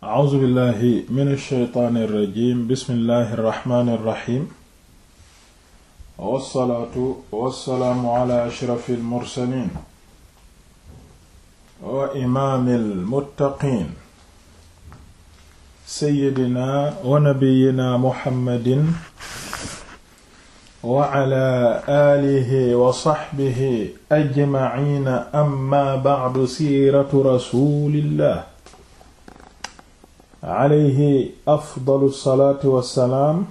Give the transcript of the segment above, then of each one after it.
a'uuzu billahi min ash-shaytaani irrajim bismillahi irrahmaani irrahim wassalaatu wassalaamu ala ashrafi almursalin wa imaami almuttaqiin seyyidina wa nabiyina muhammadin wa ala aalihi wa saxbihi ajmaciina amma bacdu siiratu rasulillah aleyhi afdalu salaatu wassalaam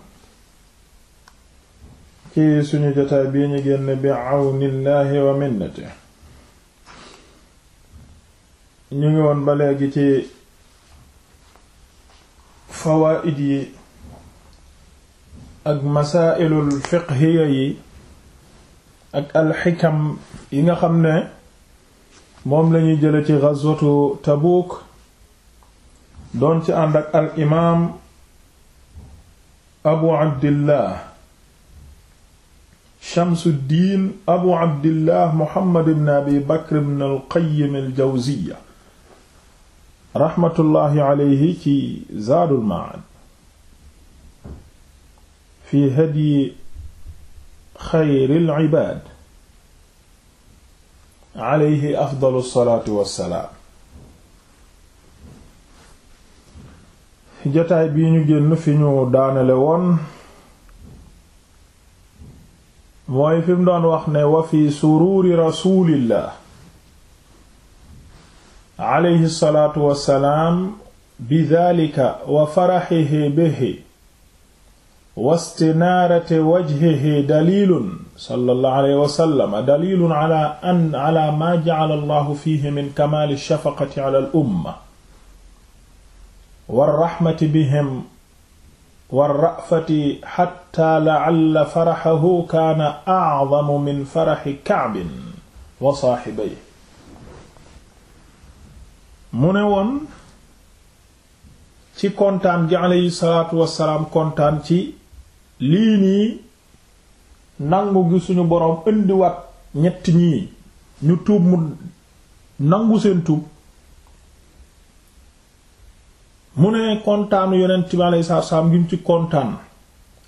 ci suñu jotaay bii ñu génn bi àwnillaahi wa minnati ñu ngi woon ba léegi ci fawaa'id yi ak masaa'ilul fiqhiya yi ak alxikam yi nga xam ne moom lañuy jële ci ghazwatu Tabuuk doon ci ànd ak al imaam abu abdillah shamsuddin abu abdillah muhammad ibn abi bakr ibn al qayyim al jawziya raxmatullahi aleyhi ci zaadul maad fi hadyi xayril ibaad aleyhi afdalu salaatu wassalaam jotaay bii ñu génn fi ñu daanale woon mooy fi mu doon wax ne wa fi suruuri rasulillah alayhi salaatu wassalaam bi daalika wa faraxihi bihi wa istinaarati wajhihi dalilun sallallahu alayhi wa sallam dalilun ala an ala ma ja'ala allahu fihi min kamaali shafaqati ala al umma warraxmati bihim warrafati xatta la'alla faraxahu kaana a'zamu min faraxi kacbin wa saaxibayhi mu ne woon ci kontaan gi aleyhi salaatu wassalaam kontaan ci lii nii nangu gi suñu boroom indiwaat ñett ñi ñu tuub mu nangu seen tuub mu ne kontaanu yonent bi alayhi salaatu salaam gi mu ci kontaan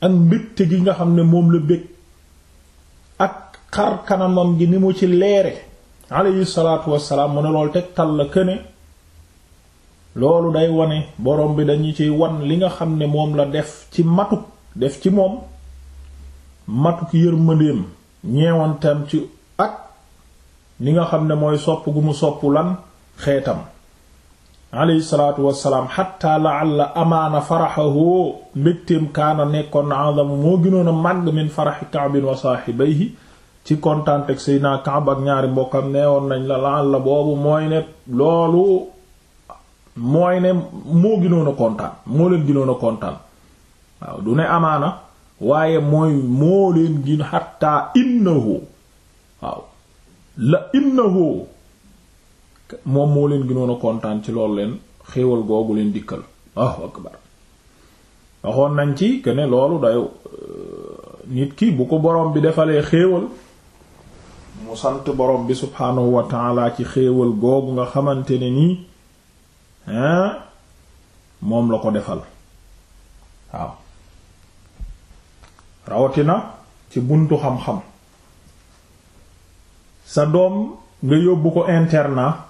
ak mbégte gi nga xam ne moom la bég ak xar kanamam gi ni mu ci leere alayhi salaatu wassalaam mu ne loolu tal la këne loolu day wane borom bi dañu ci wan li nga xam ne moom la def ci matuk def ci moom matu matuk yërmandeem ñeewantam ci ak li nga xam ne mooy sopp gu mu sopp lan xeetam alayhi salaatu wassalaam xatta laalla amaana faraxahu mbégteem kaana nekkoon na azam moo gënoon a màgg min faraxi kaabin wa saaxibayhi ci kontaan ak Seydina Kaab ak ñaari mbokkam neewoon nañ la laalla boobu mooy ne loolu mooy ne moo gënoon a kontaan moo leen gënoon a kontaan waaw du ne amaana waaye mooy moo leen gën xatta innahu waaw la innahu moom moo leen gënoon a kontaan ci loolu leen xéewal googu leen dikkal waxoon nañ ci que ne loolu day euh, nit ki bu ko borom bi defalee xéewal mu sant borom bi subhaanahu wa taala ci xéewal googu nga xamante ne nii moom la ko defal waaw rawatina ci buntu xam-xam sa doom nga yóbbu ko internat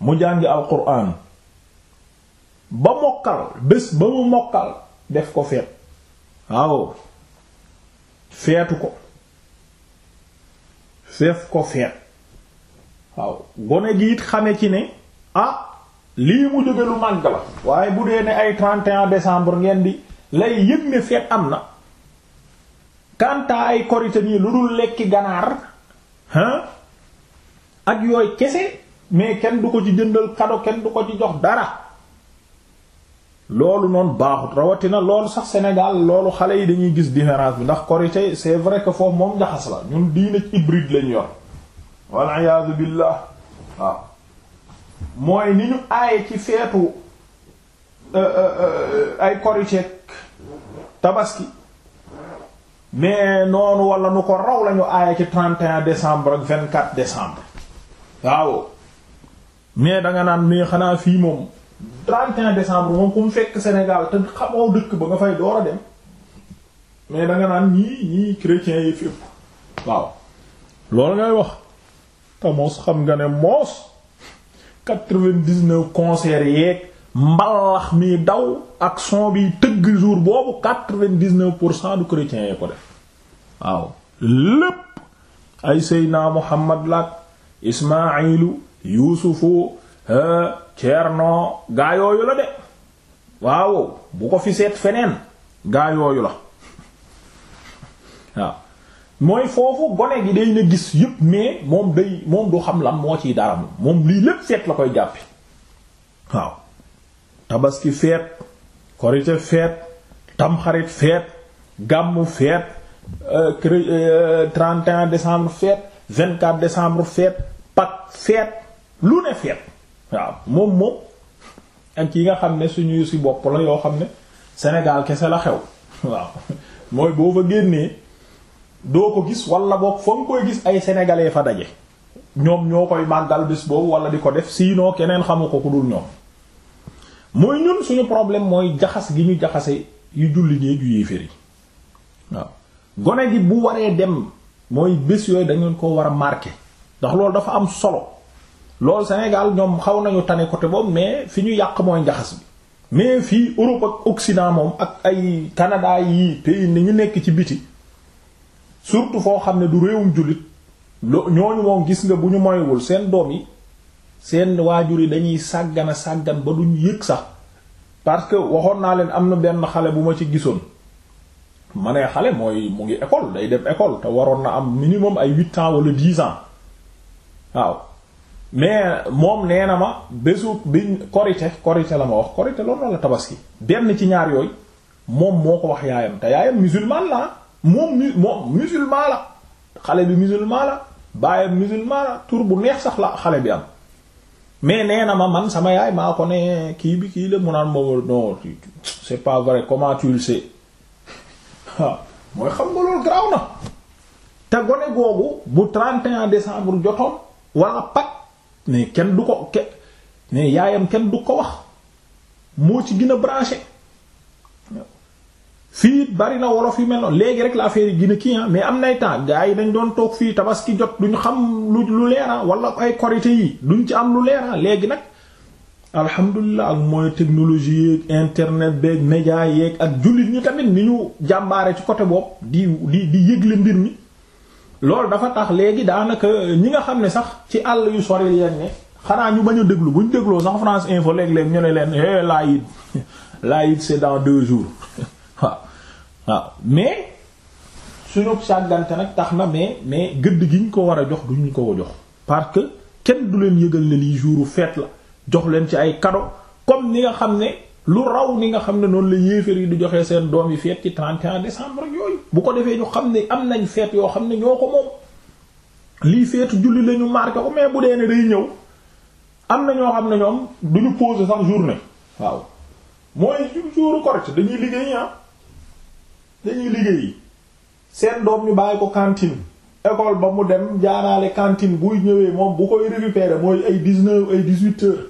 mu jàngi alquran ba mokkal bés ba mu mokkal def ko feet waaw feetu ko feef ko feet waaw gone gi it xame ci ne ah lii mu jóge lu màgg la waaye bu dee ne ay 31 décembre ngeen di lay yëg ne feet am na kantaa ay korite nii lu dul lekki ganaar hein ak yooy kese mais kenn du ko ci jëndal kado kenn du ko ci jox dara loolu noonu baaxut rawatina loolu sax Sénégal loolu xale yi dañuy gis différence bi ndax korité c'est vrai que foofu moom njaxas la ñun diine hybride lañu yor wal iyaadu billah waaw mooy ni ñu aaye ci feetu euh, euh, euh, ay korité tabaski mais noonu wala nu ko raw lañu aaye ci 31 décembre ak 24 décembre waaw mais danga naan mais xanaa fii moom 31 décembre moom ku mu fekk senegal te xamoo dëkk ba nga fay door a dem mais danga naan nii ñii chrétiens yi fépp waaw loolu ngay wax te xam nga ne moos 99 concerts yeeg mbalax mi daw ak son bi tëgg jour boobu 99 pour cent du chrétiens yee ko def waaw lépp ay Seydina Muhammad laak Ismaayilu yuusufu ceerno gaa yooyu la de waaw bu ko fi seet feneen gaa yooyu la waaw mooy foofu gone gi day na gis yëpp mais moom day moom du xam lan moo ciy dara moom moom lii lépp seet la koy jàppe waaw tabaski feet korite feet tamxarit feet gàmmu feet euh, euh, trente et un décembre feet vingt-quatre décembre feet Pâques feet lu ne feet waaw moom moom ak yi nga xam ne suñu si bopp la yoo xam ne Sénégal kese la xew waaw mooy boo fa génnee doo ko gis wala boog fa nga koy gis ay sénégalais fa daje ñoom ñoo koy màggal bés boobu wala di ko def sinon keneen xamu ko ku dul ñoom mooy ñun suñu problème mooy jaxas gi ñu jaxase yu julli nee ju yéeféer yi waaw gone gi bu waree dem mooy bés yooyu dañu ko war a marqué ndax loolu dafa am solo loolu Sénégal ñoom xaw nañu tane côté boobu mais fi ñu yàq mooy njaxas bi mais fii Europe ak Occident moom ak ay Canada yi te ni ñu nekk ci biti surtout foo xam ne du réewum jullit lo ñooñu moom gis nga bu ñu moywul seen doom yi seen waajur yi dañuy sàggana sàggan ba duñ yëg sax parce que waxoon naa leen am na benn xale bu ma ci gisoon ma ne xale mooy mu ngi école day dem école te waroon na am minimum ay huit ans wala dix ans waaw mais moom nee na ma bésu bi korite korite la ma wax korite loolu wala tabaski benn ci ñaar yooyu moom moo ko wax yaayam te yaayam musulman la moom musulman la xale bi musulman la baayam musulman la tur bu neex sax la xale bi am mais nee na ma man sama yaay maa ko ne kii bi kii la mu naan moom non c'est pas vrai comment tu le sais mooy xam nga loolu garaaw na te gone googu bu 31 décembre jotoon wala Pâques mais kenn du ko ke mais yaayam kenn du ko wax moo ci gën a branché fii bari na wolof yu meloon léegi rek la affaire yi gën a kii ah, mais am nay temps gars yi dañ doon toog fii tabaski jot ñu xam lu lu leera ah, wala ay korite yi duñ ci am lu leera ah, léegi nag alhamdulilah ak mooy technologie yeeg internet beeg média yeeg ak jullit ñi tamit ni ñu jàmbaare ci côté boobu di di di yëgle mbir mi loolu dafa tax léegi daanaka ñi nga xam ne sax ci àll yu sori leen xanaa ñu bañ a déglu bu ñu dégloo sax France Info léeg-léeg ñu ne leen eh l'Aïd l'Aïd c'est dans deux jours waaw waaw mais suñu sàggante nag tax na mais mais gëdd gi ñu ko war a jox ñu ko jox parce que kenn du leen yëgal ne lii jouru fête la jox leen ci ay cadeau comme ni nga xam ne. lu raw ni nga xam ne noonu la yéeféer yi du joxe seen doom yi feet ci 31 décembre ak yooyu bu ko defee ñu xam ne am nañ feet yoo xam ne ñoo ko moom lii feetu julli lañu ñu marqué mais bu dee ne day ñëw am na ñoo xam ne ñoom duñu poser sax journée waaw mooy jour correct dañuy liggéey ah dañuy liggéey seen doom ñu bàyyi ko cantine école ba mu dem jaaraale cantine buy ñëwee moom bu koy récupérer mooy ay 19 ay 18 heures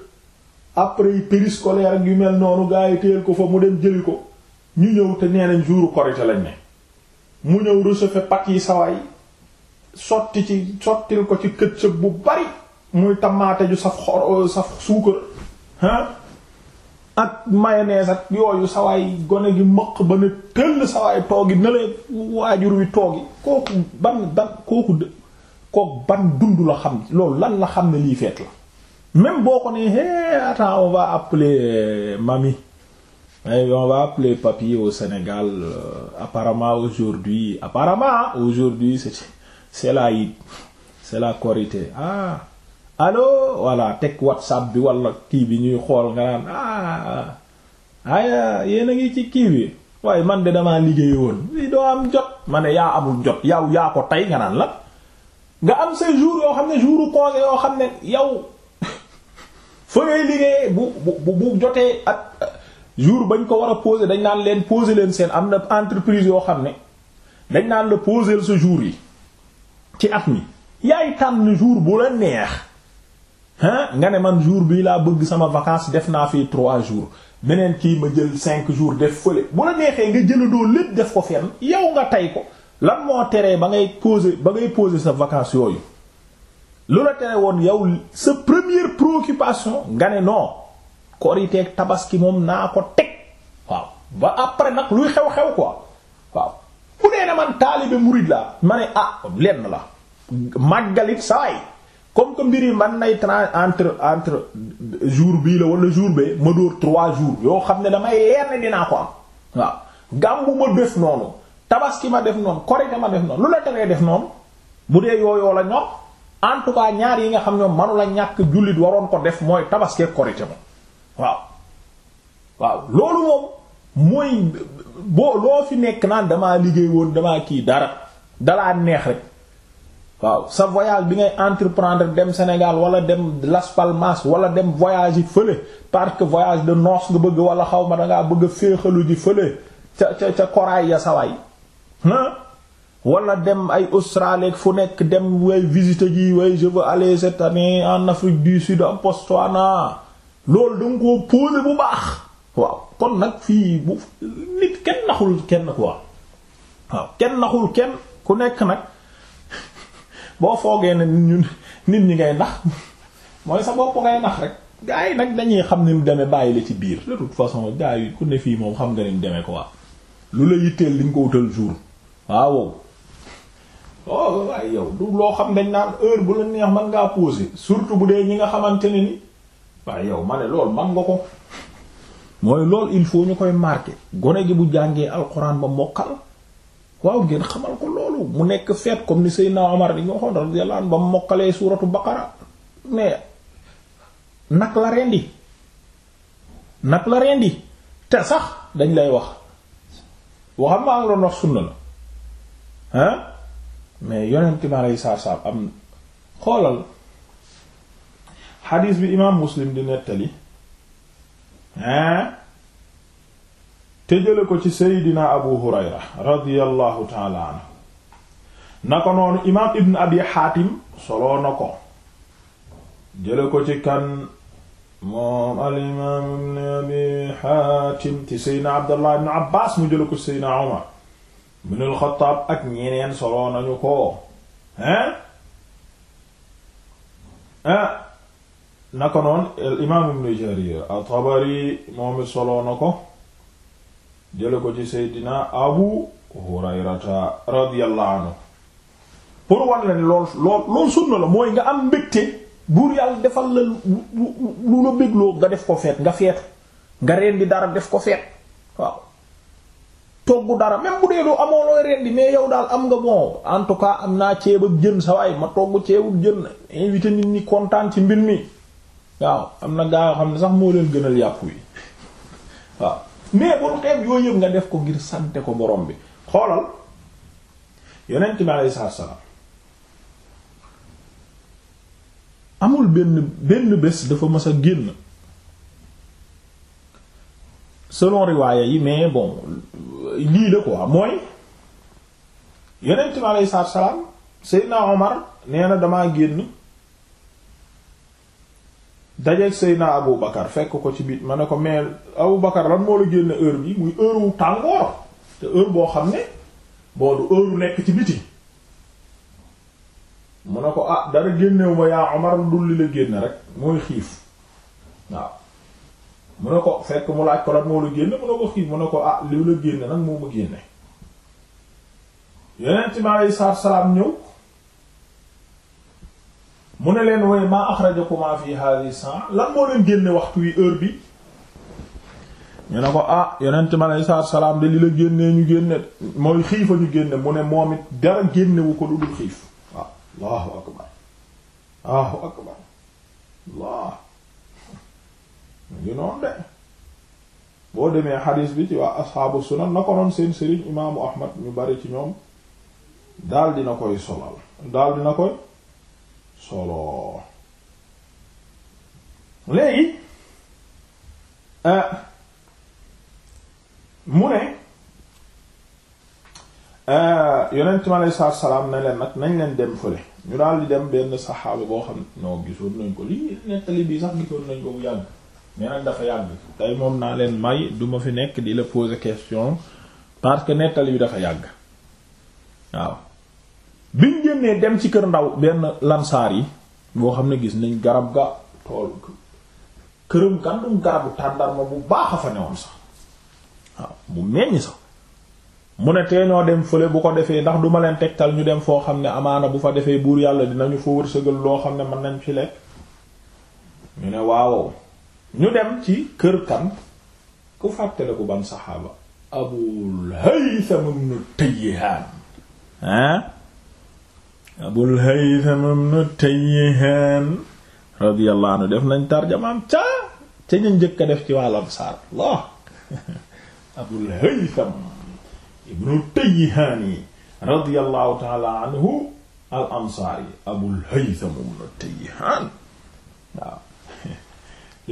après périscolaire ak yu mel noonu gaa yi téyel ko fa mu dem jëli ko ñu ñëw te nee nañ jour korité mu ñëw recevoir pat yi sawaay sotti ci sottil ko ci këccëg bu bari muy tamaate ju saf xor euh, saf suukar ah ak mayonnaise ak yooyu sawaay gone gi mëq ba ne tëll sawaay toogi na lee waajur wi toogi kooku ban ban kooku kook ban dund la xam loolu lan la xam ne lii feet la même boo ko nee hey attends on va appeler euh, mamie hey, on va Sénégal euh, aujourd'hui apparemment aujourd'hui c'est c'est la it c'est la Korité ah allo voilà teg WhatsApp bi wala kii bi ñuy xool nga naan ah aya yéen a ngi ci kii bi waaye man de damaa liggéey woon li doo am jot ma yaa amul jot yaw yaa ko tey nga naan la nga am say yoo xam ne jour congé yoo xam ne yow fa ngay liggéeyee bu bu bu jotee ak jour bañ ko war a poser dañ naan leen poser leen seen am na entreprise yoo xam ne dañ naan la poser sa jour yi ci at mi yaay tànn jour bu la neex hein nga ne man jour bii laa bëgg sama vacances def naa fi trois jours beneen kii ma jël cinq jours def fële bu la neexee nga jëlandoo lépp def ko fen yow nga tey ko lan moo teree ba ngay poser ba ngay poser sa vacances yooyu lu la tere woon yow sa première préoccupation nga ne non koriteeg tabaski moom naa ko teg waaw ba après nag luy xew-xew ko waaw bu nee na man taalibe murid la ma ne ah lenn la màggalit saay comme que mbiri man nay trans entre entre jour bii la wala jour bee ma dóor trois jours yoo xam ne damay leer ne dinaa ko am waaw gàmmu ma def noonu tabaski ma def noonu korite ma def noonu lu la teree def noonu mu dee yooyoo la ñor en tout cas ñaar yi nga xam ne manu la ñàkk jullit waroon ko def mooy tabaskee korite moom waaw waaw loolu moom mooy boo loo fi nekk naan damaa liggéey woon damaa kii dara dalaa neex rek waaw sa voyage bi ngay entreprendre dem Sénégal wala dem Las Palmas wala dem voyage yi fële parce que voyage de noces nga bëgg wala xaw ma dangaa bëgg a féexalu ji fële ca ca ca koraay ya sawaay wala dem ay Australie fu nekk dem way visiter ji way je veux aller cette en Afrique du Sud en Botswana loolu da nga koo poser bu baax waaw kon nag fii bu nit kenn naxul kenn quoi waaw kenn naxul kenn ku nekk nag boo foogee ne ñun nit ñi ngay nax mooy sa bopp ngay nax rek gaa yi nag dañuy xam ni mu demee bàyyi la ci biir de toute façon gaa yi ku ne fii moom xam nga ni mu ko quoi lu la yitteel liñ ko wutal jour waaw oh waaye yow du loo xam dañ naan heure bu la neex man ngaa poser surtout bu dee ñi nga xamante ni waaye yow mane lool man nga ko mooy loolu il faut ñu koy marquer gone gi bu jàngee alxuraan ba mokkal waaw ngeen xamal ko loolu mu nekk feet comme ni Seydina amar di nga waxoon radiyallahu anhu ba mokkalee suuratu baqara mais nag la rendi nag la rendi te sax dañ lay wax waxam maa ngi doon wax sunna la ah mais yonent ma lay saar-saar am xoolal xadiis bi imaam muslim di nettali hein te jële ko ci seydina abu hurayra radiyallahu taala anhu na ko noonu imaam ibn abi xaatim soloo na ko jële ko ci kan moom al imaam ibn abi xaatim ci seydina abdullah ibn abbaas mu jële ko ci seydina umar ibn al-Xattaab ak ñeneen soloo nañu ko hein ah naka noon imaam ibn Jarir at-Tabari moom it soloo na ko jële ko ci Seydina Abu Hurayrata radiyallahu anhu pour wan la ne lool lool sunna la mooy nga am mbégte buur yàlla defal la lu la bégloo nga def ko feet nga feetu nga reen di dara def ko feet waaw togg dara même bu dee doo amoo looy rendi mais yow daal am nga bon en tout cas am naa ceeb jën sa waay ma togg ceebul jën invité nit ñi kontaan ci mbir mi waaw am na gaa yoo xam ne sax moo leen gënal yàpp wi waaw mais bul xeeb yooyu yëpp nga def ko ngir sante ko borom bi xoolal yonent bi alayhi salaam amul benn benn bés dafa mës a génn selon riwaaya yi mais bon lii la quoi mooy yonent bi aleyhi salaatu wa salaam Seydina Omar nee na damaa génn dajeeg Seydina Abu Bakar fekk ko ci biir ma ne ko mais Abu Bakar lan moo la génne heure bi muy heure wu tàngoor te heure boo xam ne boo du heure nekk ci biti mu ne ko ah dara génnewu ma yaa Omar dul li la génne rek mooy xiif waaw. mu ne ko fekk mu laaj ko lan moo la génne mu ne ko xii mu ne ko ah li la génne nag moo ma génne yeneen ma aleyhi salaatu salaam ñëw mu ne leen woy maa axrajakumaa fi hadhihi saa lan moo leen génne waxtu wi heure bi ñu ne ko ah yonent ma aleyhi salaatu salaam de li la génnee ñu génne mooy xiifa ñu génne mu ne moom it dara génnewu ko lu dul xiif waaw allahu akbar allahu akbar allah ngi noonu de boo demee xadis bi ci waa asxaabu sunan na ko noon seen sëriñ imaamu ahmad ñu bari ci ñoom daal dina koy solal daal na koy solo léegi euh, mu ne euh, yonent mi salaam ne leen nag nañ leen dem fële ñu daal di dem benn saxaaba boo xam noo gisoon nañ ko lii nettali bii sax gisoon nañ ko bu yàgg mais dafa yàgg tey moom naa leen may duma fi nekk di la poser question parce que nettali bi dafa yàgg waaw bi ñu génnee dem ci kër ndaw benn lansaar yi boo xam ne gis nañ garab ga tool këram kàndum garabu tàddarma bu baax a fa newoon sax waaw bu meññ sax mu ne tee ñoo dem fële bu ko defee ndax duma leen tegtal ñu dem foo xam ne amaana bu fa defee buur yàlla dinañu foo wërsëgal loo xam ne mën nañ ci lekk ñu ne waaw ñu dem ci kër kan ku fàttale ku ban saxaaba abul haytham ibn tayyihaan ah abul haytham ibn tayyihaan radiyallahu anhu def nañ tarjamaam ca ca ñu njëkk def ci wàllam saar Allah abul haytham ibn tayyihaan radiyallahu ta'ala anhu al ansaari abul haytham ibn tayyihaan waaw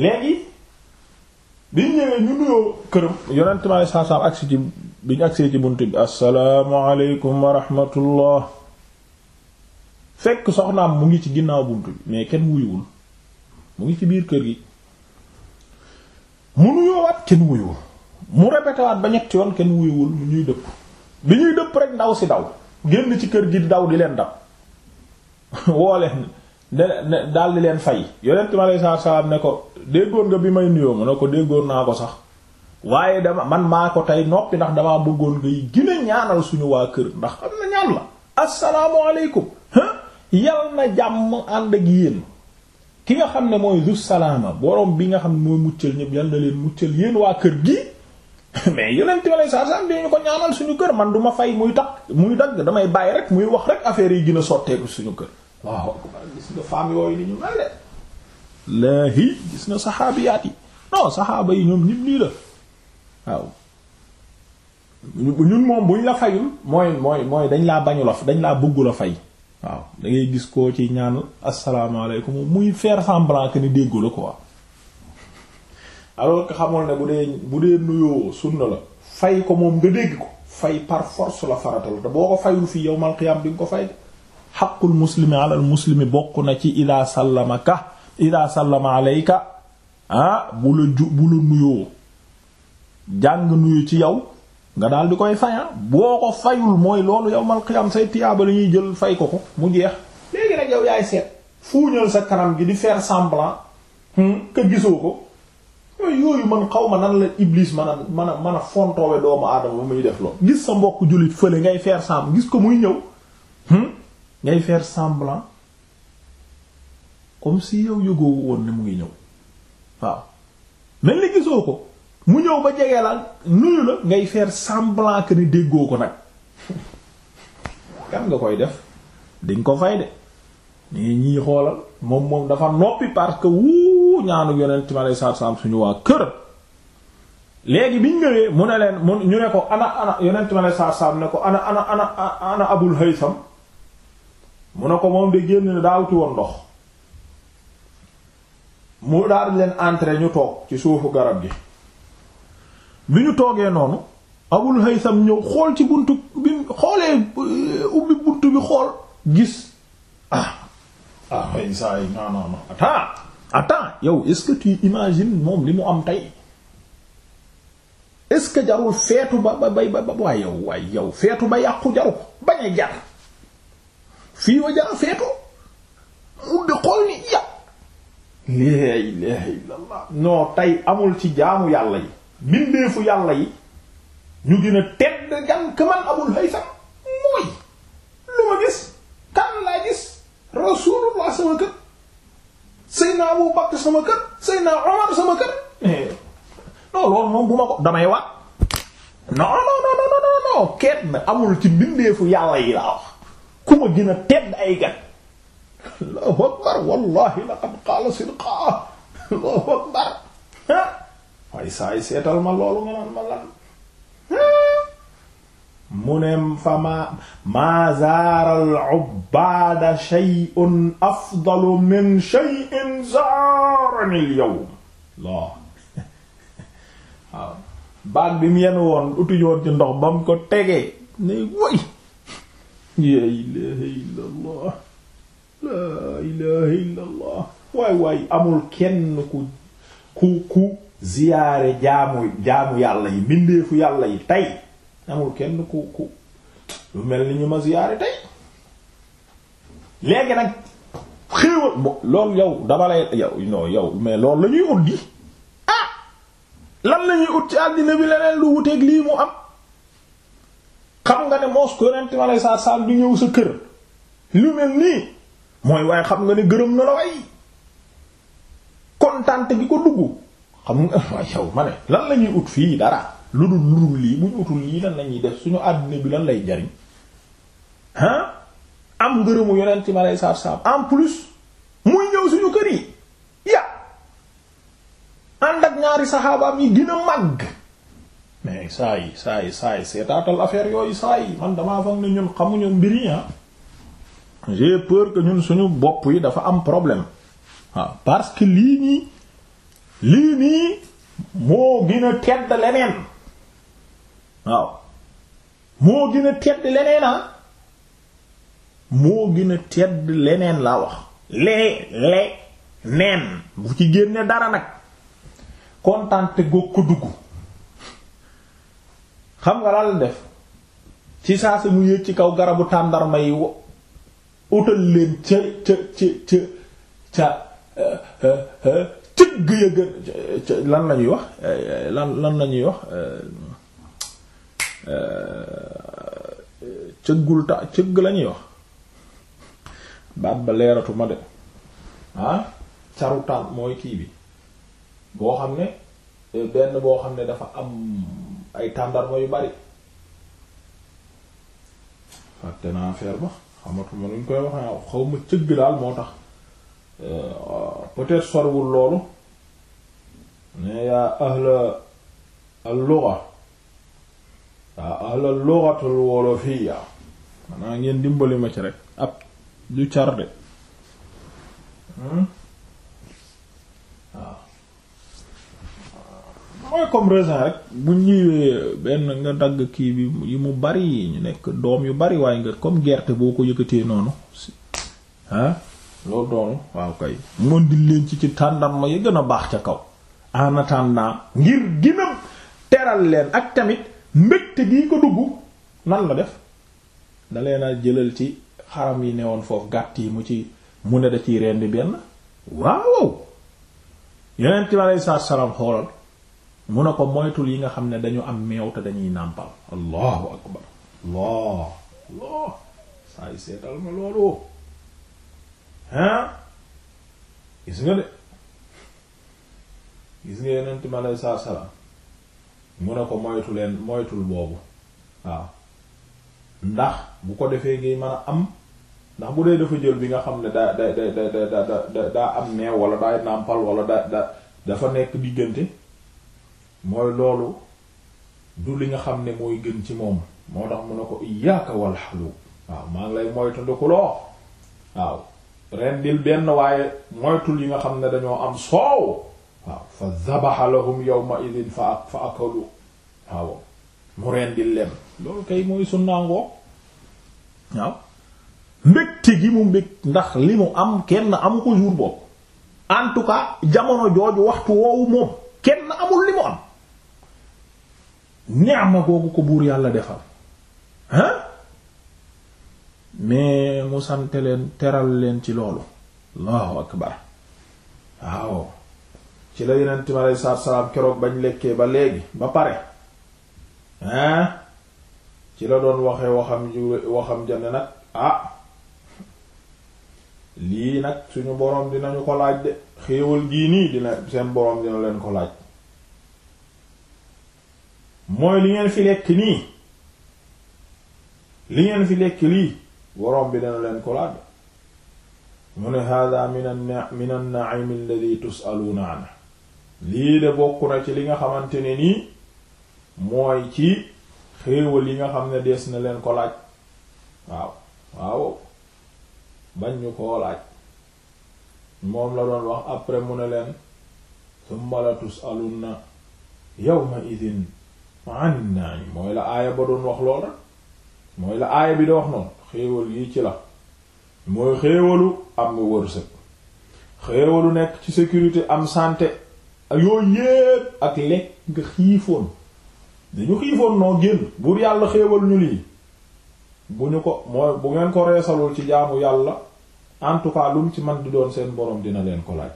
léegi bi ñu ñëwee ñu nuyoo këram yonent ma saa saa agsi ci bi ñu agsee ci bunt bi assalaamu aleykum wa fekk soxnaam mu ngi ci ginnaaw bunt bi mais kenn wuyuwul mu ngi ci biir kër gi mu nuyoowaat kenn wuyuwul mu répété waat ba ñetti yoon kenn wuyuwul mu ñuy dëpp bi ñuy dëpp rek ndaw si daw génn ci kër gi daw di leen dab woo leen ne ne daal leen fay yonent mi aleyhi salaam ne ko déggoon nga bi may nuyoo ma ne ko déggoon naa ko sax waaye dama man maa ko tey noppi ndax damaa bëggoon ngay gën ñaanal suñu waa kër ndax xam na ñaan na jàmm ànd ak ki nga xam ne mooy zu salaama borom bi nga xam ne mooy muccal ñëpp yal leen muccal yéen waa kër gi mais yonent mi aleyhi salaatu salaam di ñu ko ñaanal suñu kër man duma fay muy tax muy dagg damay bàyyi rek muy wax rek affaire yi gin a sotteeku suñu kër. waaw gis nga femme yooyu ni ñu mel de laahi gis nga saxaabiyaat yi non saxaaba yi ñoom nit lii la waaw ñun moom buñ la fayul mooy mooy dañ laa bañu la dañ laa bëggu la fay waaw da gis koo ci ñaan asalaamaaleykum muy faire semblant ni déggu la quoi alors que xamul ne bu dee bu dee nuyoo sunna la fay ko moom nga dégg ko fay par force la farata la te boo ko fayul fii yawmal qiyaam di nga ko fay. xaqul muslimi alal muslimi bokk na ci ida sallamaka ida sallama aleyka ah bu la ju bu la nuyoo jàng nuyu ci yow nga daal di koy fayan boo ko fayul mooy loolu yowmal qiyam say tiyaaba la ñuy jël fay ko ko mu jeex léegi nag yow yaay seet fuuñal sa kanam gi di faire semblant hmm, que gisoo ko yooyu man xaw ma nan la iblis man a man a man a fontoowe doomu aadama ba muy def loolu gis sa mbokk jullit fële ngay faire semblant gis ko muy ñëw hmm. ngay faire semblant comme si yow yëgoo woon ne mu ngi ñëw waaw mel ni gisoo ko mu ñëw ba jege la nuyu la ngay faire semblant que ne déggoo ko nag kan nga koy def diñ ko fay de nii ñii xoolal moom moom dafa noppi parce que wuu ñaanu yonent ma lay saar saam suñu waa kër léegi ñu ñëwee mu ne leen mu ñu ne ko ana ana yonent ma lay saar saam ne ko ana ana ana ana abul haytham mun ne ko moom de génn ne daa wuti woon ndox mu daal leen entrer ñu toog ci suufu garab gi bi ñu toogee noonu Abul Haytham ñëw xool ci buntu bi xoolee eh, ubbi buntu bi xool gis ah ah ay yi non non non yow est-ce que tu moom li mu am tey est-ce que jarul feetu ba ba bay ba ba waaye yow waaye yow feetu ba yàqu jaru ko jar fii wa feetoo mun xool ni ya laa ilaaha illallah non tey amul ci jaamu yàlla yi mbindeefu yàlla yi ñu gën a tedd gan ka man abul haytham mooy lu ma gis kan laa gis rasulullah sama kër sayna abu bakr sama kër sayna omar sama kër eh. non loolu moom bu ma ko damay waat non non non non non kenn amul ci mbindeefu yàlla yi laa wax ku ma gën a tedd ay gan allahu akbar wallahi laqad qaala sidqa allahu akbar waaye saa yi seetal ma loolu nga naan ma lan mu ne fa ma maa zaaral ubbaada shay'un afdalu min shay'in zaarani al yawm laa bi mu yenn woon uti yoon ci ndox ba ko tegee ne woy yaa ilaha illa allah laa ilaha amul kenn ku ku ku ziyaare jaamu jaamu yàlla yi bindeefu yàlla yi tey amul kenn ku ku lu mel ni ñu ma ziyaare tey léegi nag xéewal loolu yow dama lay yow yow mais loolu la ut gi ah lan la ut ci àddina bi leneen lu wuteeg lii mu am xam nga ne moos ko yonent ma lay saa saal du ñëw sa kër lu mel nii mooy waaye xam nga ne gërëm na la way kontante gi ko duggu xam nga waaye ma ne lan la ñuy ut fii dara lu dul lu dul lii bu ñu utul lii lan lañuy def suñu àddina bi lan lay jariñ ah am ngërëmu yonent ma lay saa saal en plus muy ñëw suñu kër yi ya ànd ak ñaari saxaabaam yi gën a màgg. mais saa yi saa saa yi seetaatal affaire yooyu saa yi man damaa foog ne ñun xamuñu mbir yi ah j'ai peur que ñun suñu bopp yi dafa am problème waaw ah. parce que lii nii lii nii moo gën a tedd leneen waaw moo gën tedd leneen ah moo gën tedd leneen laa wax lee lee neen bu ci génne dara nag kontaan te goog ko dugg xam nga lan def ci saa si mu yéeg ci kaw garabu tàndarma yi utal leen ca ca ca ca ca euh, euh, euh, lan wax lan lan lañuy wax cëggul ta cëgg lañuy wax baat ba ma de ah caru tànn mooy kii bi boo xam ne benn boo xam ne dafa am ay tàndarma yu bari fàtte naa affaire ba xamatuma lu ñu koy wax xaw ma cëgg daal moo tax euh, peut-être sorwul loolu mais yaa ahla al-lugha yaa ahla al-lughatul wolofiyya maanaam ngeen dimbali ma ci rek ab du carde hmm? mooy comme raisin rek bu ñëwee benn nga dagg kii bi yi mu bari yi ñu nekk doom yu bari waaye nga comme gerte boo ko yëkkatee noonu ah loolu doonu waaw kay mën di leen ci ci tàndarma yi gën a baax ca kaw en attendant ngir gën teral leen ak tamit mbégte gi ko dugg nan la def da leen a jëlal ci xaram yi newoon foofu gàtt yi mu ci mu ne da ci rend benn waaw yeneen ci ma lay saa salaam xoolal mu ne ko moytul yi nga xam ne dañu am meew te dañuy nàmpal allahu akbar allah allah saa yi seetal ma loolu hein gis nga de gis nga yeneen time alay saa salaam mu ne ko moytu leen moytul boobu waaw ndax bu ko defee ngay mën a am ndax bu dee dafa jël bi nga xam ne daa daa daa daa daa am meew wala daay nàmpal wala daa daa dafa nekk diggante mooy loolu du li nga xam ne mooy gën ci moom moo tax mu ne ko iyyaka wal waaw maa ngi lay moytandikuloo waaw rendil benn waaye moytul yi nga xam ne dañoo am soow waaw fa zabaha lahum yawma idin fa ak fa akalu waaw mu rendil leen loolu kay mooy sunnaangoo waaw mbégte gi mu mbég ndax li mu am kenn amu ko jour boobu en tout cas jamono jooju waxtu woowu moom kenn amul li mu am ma googu ko buur yàlla defal ah mais mu sante leen teral leen ci loolu ak akbar waaw ci la yonent mi aleyhi salaam keroog bañ lekkee ba léegi ba pare ah ci la doon waxee waxam ju waxam jane nag ah lii nag suñu boroom dinañu ko laaj de xéewal gii nii dina seen boroom dina leen ko laaj mooy li ngeen fi lekk nii li ngeen fi lekk lii boroom bi dana leen ko laaj mu ne hada min an-na'im alladhi tus'aluna an lii de bokk na ci li nga xamante ne nii mooy ci xéewal yi nga xam ne dees na leen ko laaj waaw waaw bañ ñu koo laaj moom la doon wax après mu ne leen thumma la tus'aluna yawma idhin an naim mooy la aaya ba doon wax lool mooy la aaya bi da wax noonu xéewal yi ci la mooy xéewalu am nga wërsëg xéewalu nekk ci sécurité am santé yooyu yépp ak lekk nga xiifoon dañu xiifoon noo génn buur yàlla xéewal ñu lii bu ñu ko mooy bu ngeen ko reesalul ci jaamu yàlla en tout cas lu ci man di doon seen boroom dina leen ko laaj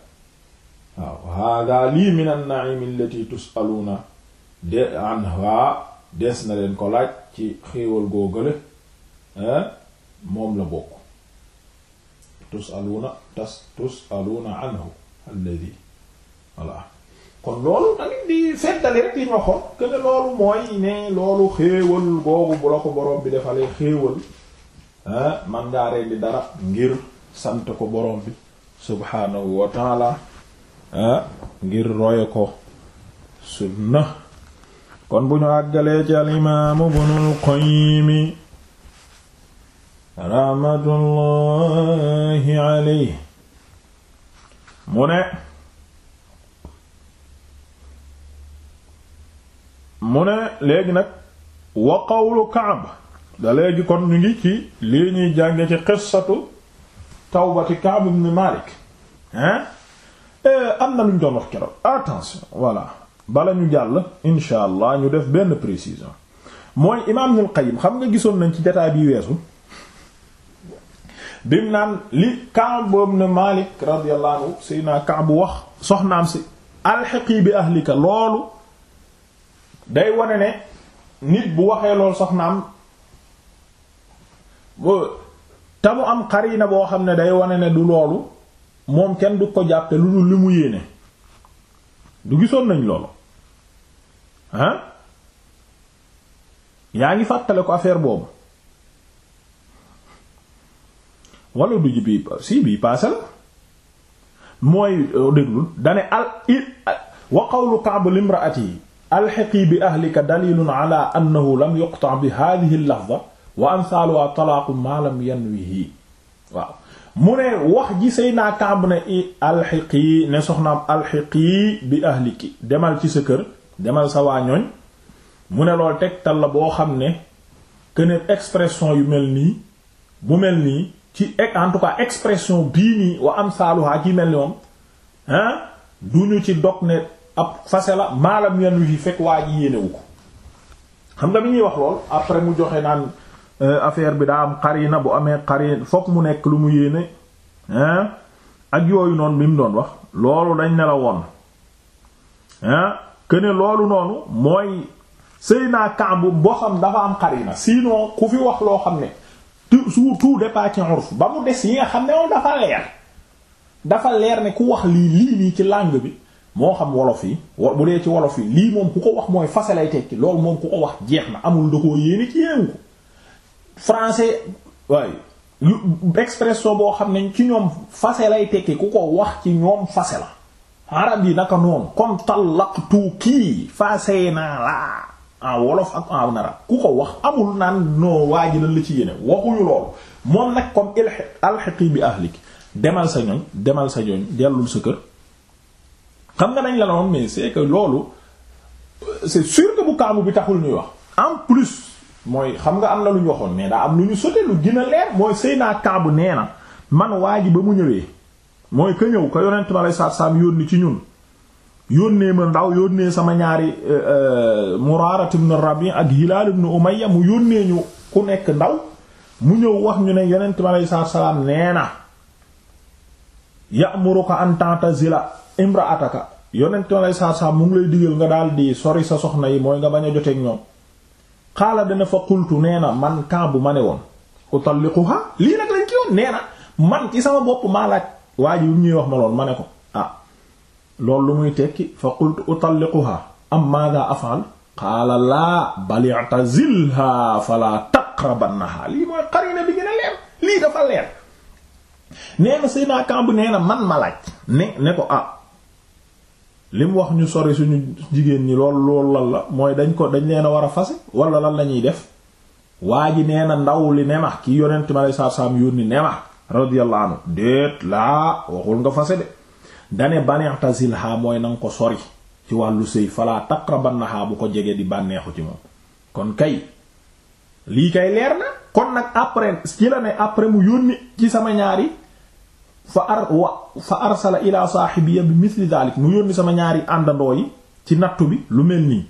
waaw hada lii min an naim allati tusaluna de anha des na leen ko laaj ci xéewal googale moom la bokk tusaluna tas tusaluna anhu alladi kon loolu tamit di feddali rek yi ñu waxoon que ne loolu mooy ne loolu xéewal googu bu la ko borom bi defalee xéewal man ngaa rendi dara ngir sant ko borom bi subhaanahu wa taala ngir roye ko sunna kon bu ñu àggalee ci al imaamu Ibnul Qayyim raxmatullahi mu ne mu léegi nag wa qawlu Kaab da kon ñu ngi ci lii ñuy jànge ci qissatu tawbati Kaab ibn Maalik hein eh, am na lu ñu attention voilà bala ñu jàll incha ñu def benn précision mooy imaam Ibnul xam nga gisoon nañ ci jotaay bi weesu bim naan li Ka'b ibn Malik radiyallahu anhu Seydina Ka'b bu wax soxnaam si alxiqi bi ahlika loolu day wane ne nit bu waxee loolu soxnaam te mu am xarina boo xam ne day wane ne du loolu moom kenn du ko jàppe lu dul li mu yéene du gisoon nañ loolu ah yaa ngi fàttale ko affaire boobu walla du ji bii si bii paase mooy euh, déglul dane al wa qawlu Ka'b limraatihi alxiqi bi ahlika dalilun ala lam yuqta bi hadhihi al-lahza wa amsaaluha talaaqu lam yanwihi waaw mu ne wax ji Seydina Ka'b ne i alxiqi ne soxnaam alxiqi bi ahliki demal ci sa kër demal sa waa ñooñ mu ne lool tegtal la boo xam ne keneen expression yu mel nii bu mel nii ci en tout cas expression bii nii wa am saaluhaa ci mel ni moom hein du ñu ci dog ne ab fase la maalam yan yi fekk waa ji yéenewu ko xam nga bi ñuy wax lool après mu joxe naan euh, affaire bi daa am xarina bu amee xarina fokk mu nekk lu mu yéene ak yooyu noonu bi mu doon wax loolu dañ ne la woon que ne loolu noonu mooy sëy naa kambu boo xam dafa am xarina sinon ku fi wax loo xam ne tout tout dépend ci urf ba mu des yi nga xam ne moom dafa leer dafa leer ne ku wax lii lii ci langue bi moo xam wolof yi bu dee ci wolof yi lii moom ku ko wax mooy fase lay tekki loolu moom ku ko wax jeex na amul da koo yéene ci yeewu ko waaye expression boo xam ne ci ñoom fase lay tekki ku ko wax ci ñoom fase la arab yi naka noonu comme tallaqtuki faasee naa laa en wolof ak en arab ku ko wax amul naan noo waa ji lan la ci yéene waxuñu loolu moom nag comme ilhi alhiqi bi ahlik demal sa ñoñ demal sa ñoñ dellul sa kër xam nga nañ la noonu mais c'est loolu c'est sûr que bu kaamu bi taxul ñuy wax en plus mooy xam nga am na lu ñu waxoon mais daa am lu ñu sote lu gën a leer mooy sëy kaabu nee na man waa ji ba mu ñëwee mooy ka ñëw ka yonent ma lay saat-saam yónni ci ñun yónnee ma ndaw yónnee sama ñaari eh, eh, Murara ibn Rabi ak Hilaal ibn Umayya mu yónnee ñu ku nekk ndaw mu ñëw wax ñu ne yonent mi aleyhi salaatu nee na ya'muruka an ta'tazila imra'ataka yonent mi aleyhi salaatu salaam mu ngi lay digal nga daal di sori sa soxna yi mooy nga bañ a joteeg ñoom xaala dana fa qultu nee na man kan bu ma ne woon utalliquha lii nag lañ ci yoon nee na man ci sama bopp maa laaj waa ji bi ñuy wax ma lool ma ne ko ah loolu lu muy tekki fa qultu utalliquha am maada afal qaala laa bal i'tazilha fala taqrabannaha lii mooy qarina bi gën a leer lii dafa leer nee na say naa kamb nee na man ma laaj ne ne ko ah li mu wax ñu sori suñu jigéen ñi lool lool lan la mooy dañ ko dañ leen a war a fase wala lan la def waa ji nee na ndaw li ne ma ki yonent ma lay saar yónni ne ma radiyallahu anhu déet laa waxul nga fase de dane banextasilhaa mooy na ko sori ci wàllu sëy falaa taqrabannahaa bu ko jege di bànneexu ci moom kon kay lii kay leer na kon nag après ci la ne après mu yónni ci sama ñaari fa ar wa bi mithli mu yónni sama ñaari àndandoo yi ci nattu bi lu mel nii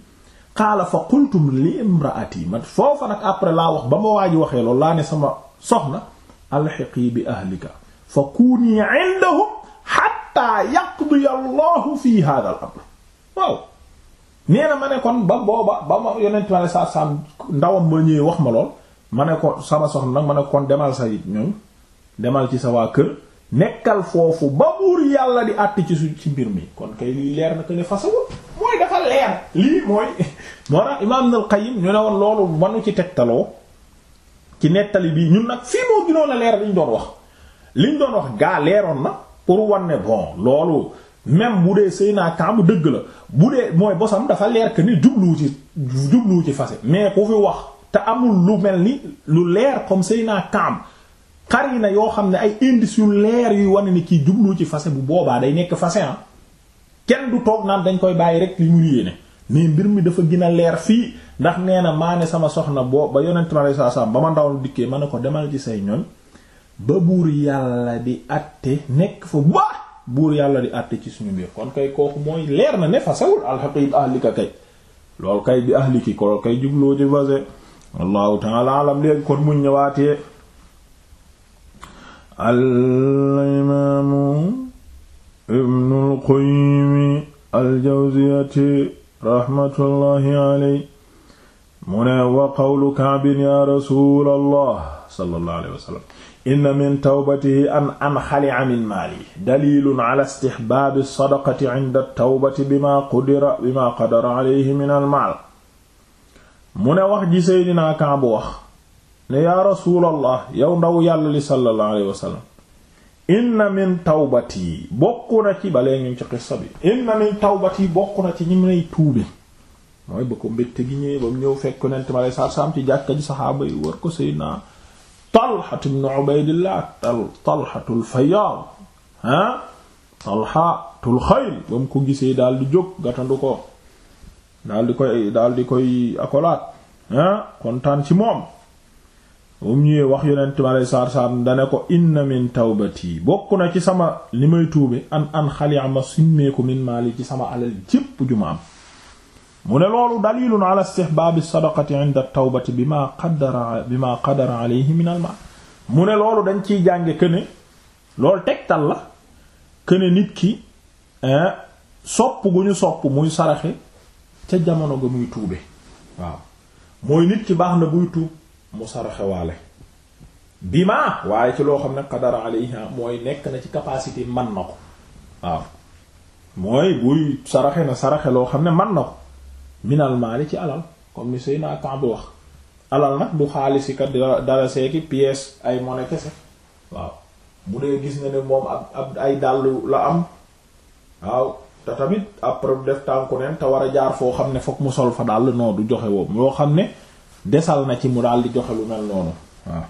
xaala fa qultum li imraati man foofa nag après laa wax ba ma waa waxee loolu laa ne sama soxna alxiqii bi ahlika fa kuunii waaw nee na ma ne kon ba booba ba ma yonent ma ne saa ndawam ma ñëwee wax ma lool ma ne ko sama soxna nag ma ne kon demal sa it ñoom demal ci sa waa kër nekkal foofu ba buur yàlla di àtt ci su ci mbir mi kon kay lii leer na ko ne fasawul mooy dafa leer lii mooy moo tax imaam Ibnul Qayyim ñu ne woon loolu manu ci tegtaloo ci nettali bii ñun nag fii moo gënoon a leer liñ doon wax liñ doon wax gaa leeroon na pour wan ne bon loolu même mu dee sëy naa kaamu dëgg la bu dee mooy bosam dafa leer que ni jubluwu ci jubluwu ci fase mais ku fi wax te amul lu mel ni lu leer comme sëy naa kaam xar yi yoo xam ne ay indice yu leer yuy wan ni kii jubluwu ci fase bu boobaa day nekk fase ah kenn du toog naan dañ koy bàyyi rek li mu yéene mais mbir mi dafa gën leer fii ndax nee na sama soxna boo ba yonent mi alayhi ba ma ndaw dikkee ma ne ko demal ci say ñoñ ba buur yàlla di àtte nekk fa ba buur yàlla di àtte ci suñu biir kon kay kooku mooy leer na ne fasawul alxaqib ahlika kay loolu kay bi kay jubloo ci vase wallahu ta'ala alam léegi kon muñ ñëwaatee al imaamu ibnul qayyim al jawziyati rahmatullahi alayhi mu ne wa qawlu kaabin ya rasul allah sallallahu alayhi wa sallam inna min tawbatihi an anxali'a min maali dalilun ala istihbaabi sadaqati inda tawbati bima qudira bima qadara alayhi min al maal mu ne wax ji seydinaa Kaab wax ne yaa rasuulallah yow ndaw yàlla li sallallahu alayhi wa sallam inna min tawbati bokk na ci balee ci xissa bi inna min tawbati bokk na ci ñi may tuube mooy ba ko mbégte gi ñëwee ba mu ñëw fekk yonent ma lay saam ci jàkka ji saxaaba yi war ko Seydina Talha ibn Ubaydillah Talhatul Fayyad ah Talhatul Xayl ba mu ko gisee daal di jóg gàttandu ko daal di koy daal di koy akolaat ah kontaan ci moom moom ñëwee wax yonent ma lay saam dane ko inna min tawbati bokk na ci sama li may tuube an an xali ma simmeeku min maali ci sama alal jépp ju mu ne loolu dalilun ala istihbaabi sadaqati inda tawbati bi ma qaddara bi ma qadara alayhi min al ma mu ne loolu dañ ciy jànge que ne tegtal la nit ki sopp gu muy saraxe ca jamono ga muy tuube waaw nit ki baax na buy tuub mu saraxe waale ma waaye ci loo xam ne qadara mooy nekk na ci capacité man na ko waaw mooy buy saraxe na saraxe loo xam ne man na ko minal maali ci alal comme ni sëy naa Kaab wax alal nag du xaalisi kat dara seeki pièce ay monnaie kese waaw bu dee gis na ne moom ab ay dàll la am waaw te tamit après bu def tànku neen te war a jaar foo xam ne fokk mu sol fa dàll non du joxe woom yoo xam ne desal na ci mu daal di joxe lu mel noonu waaw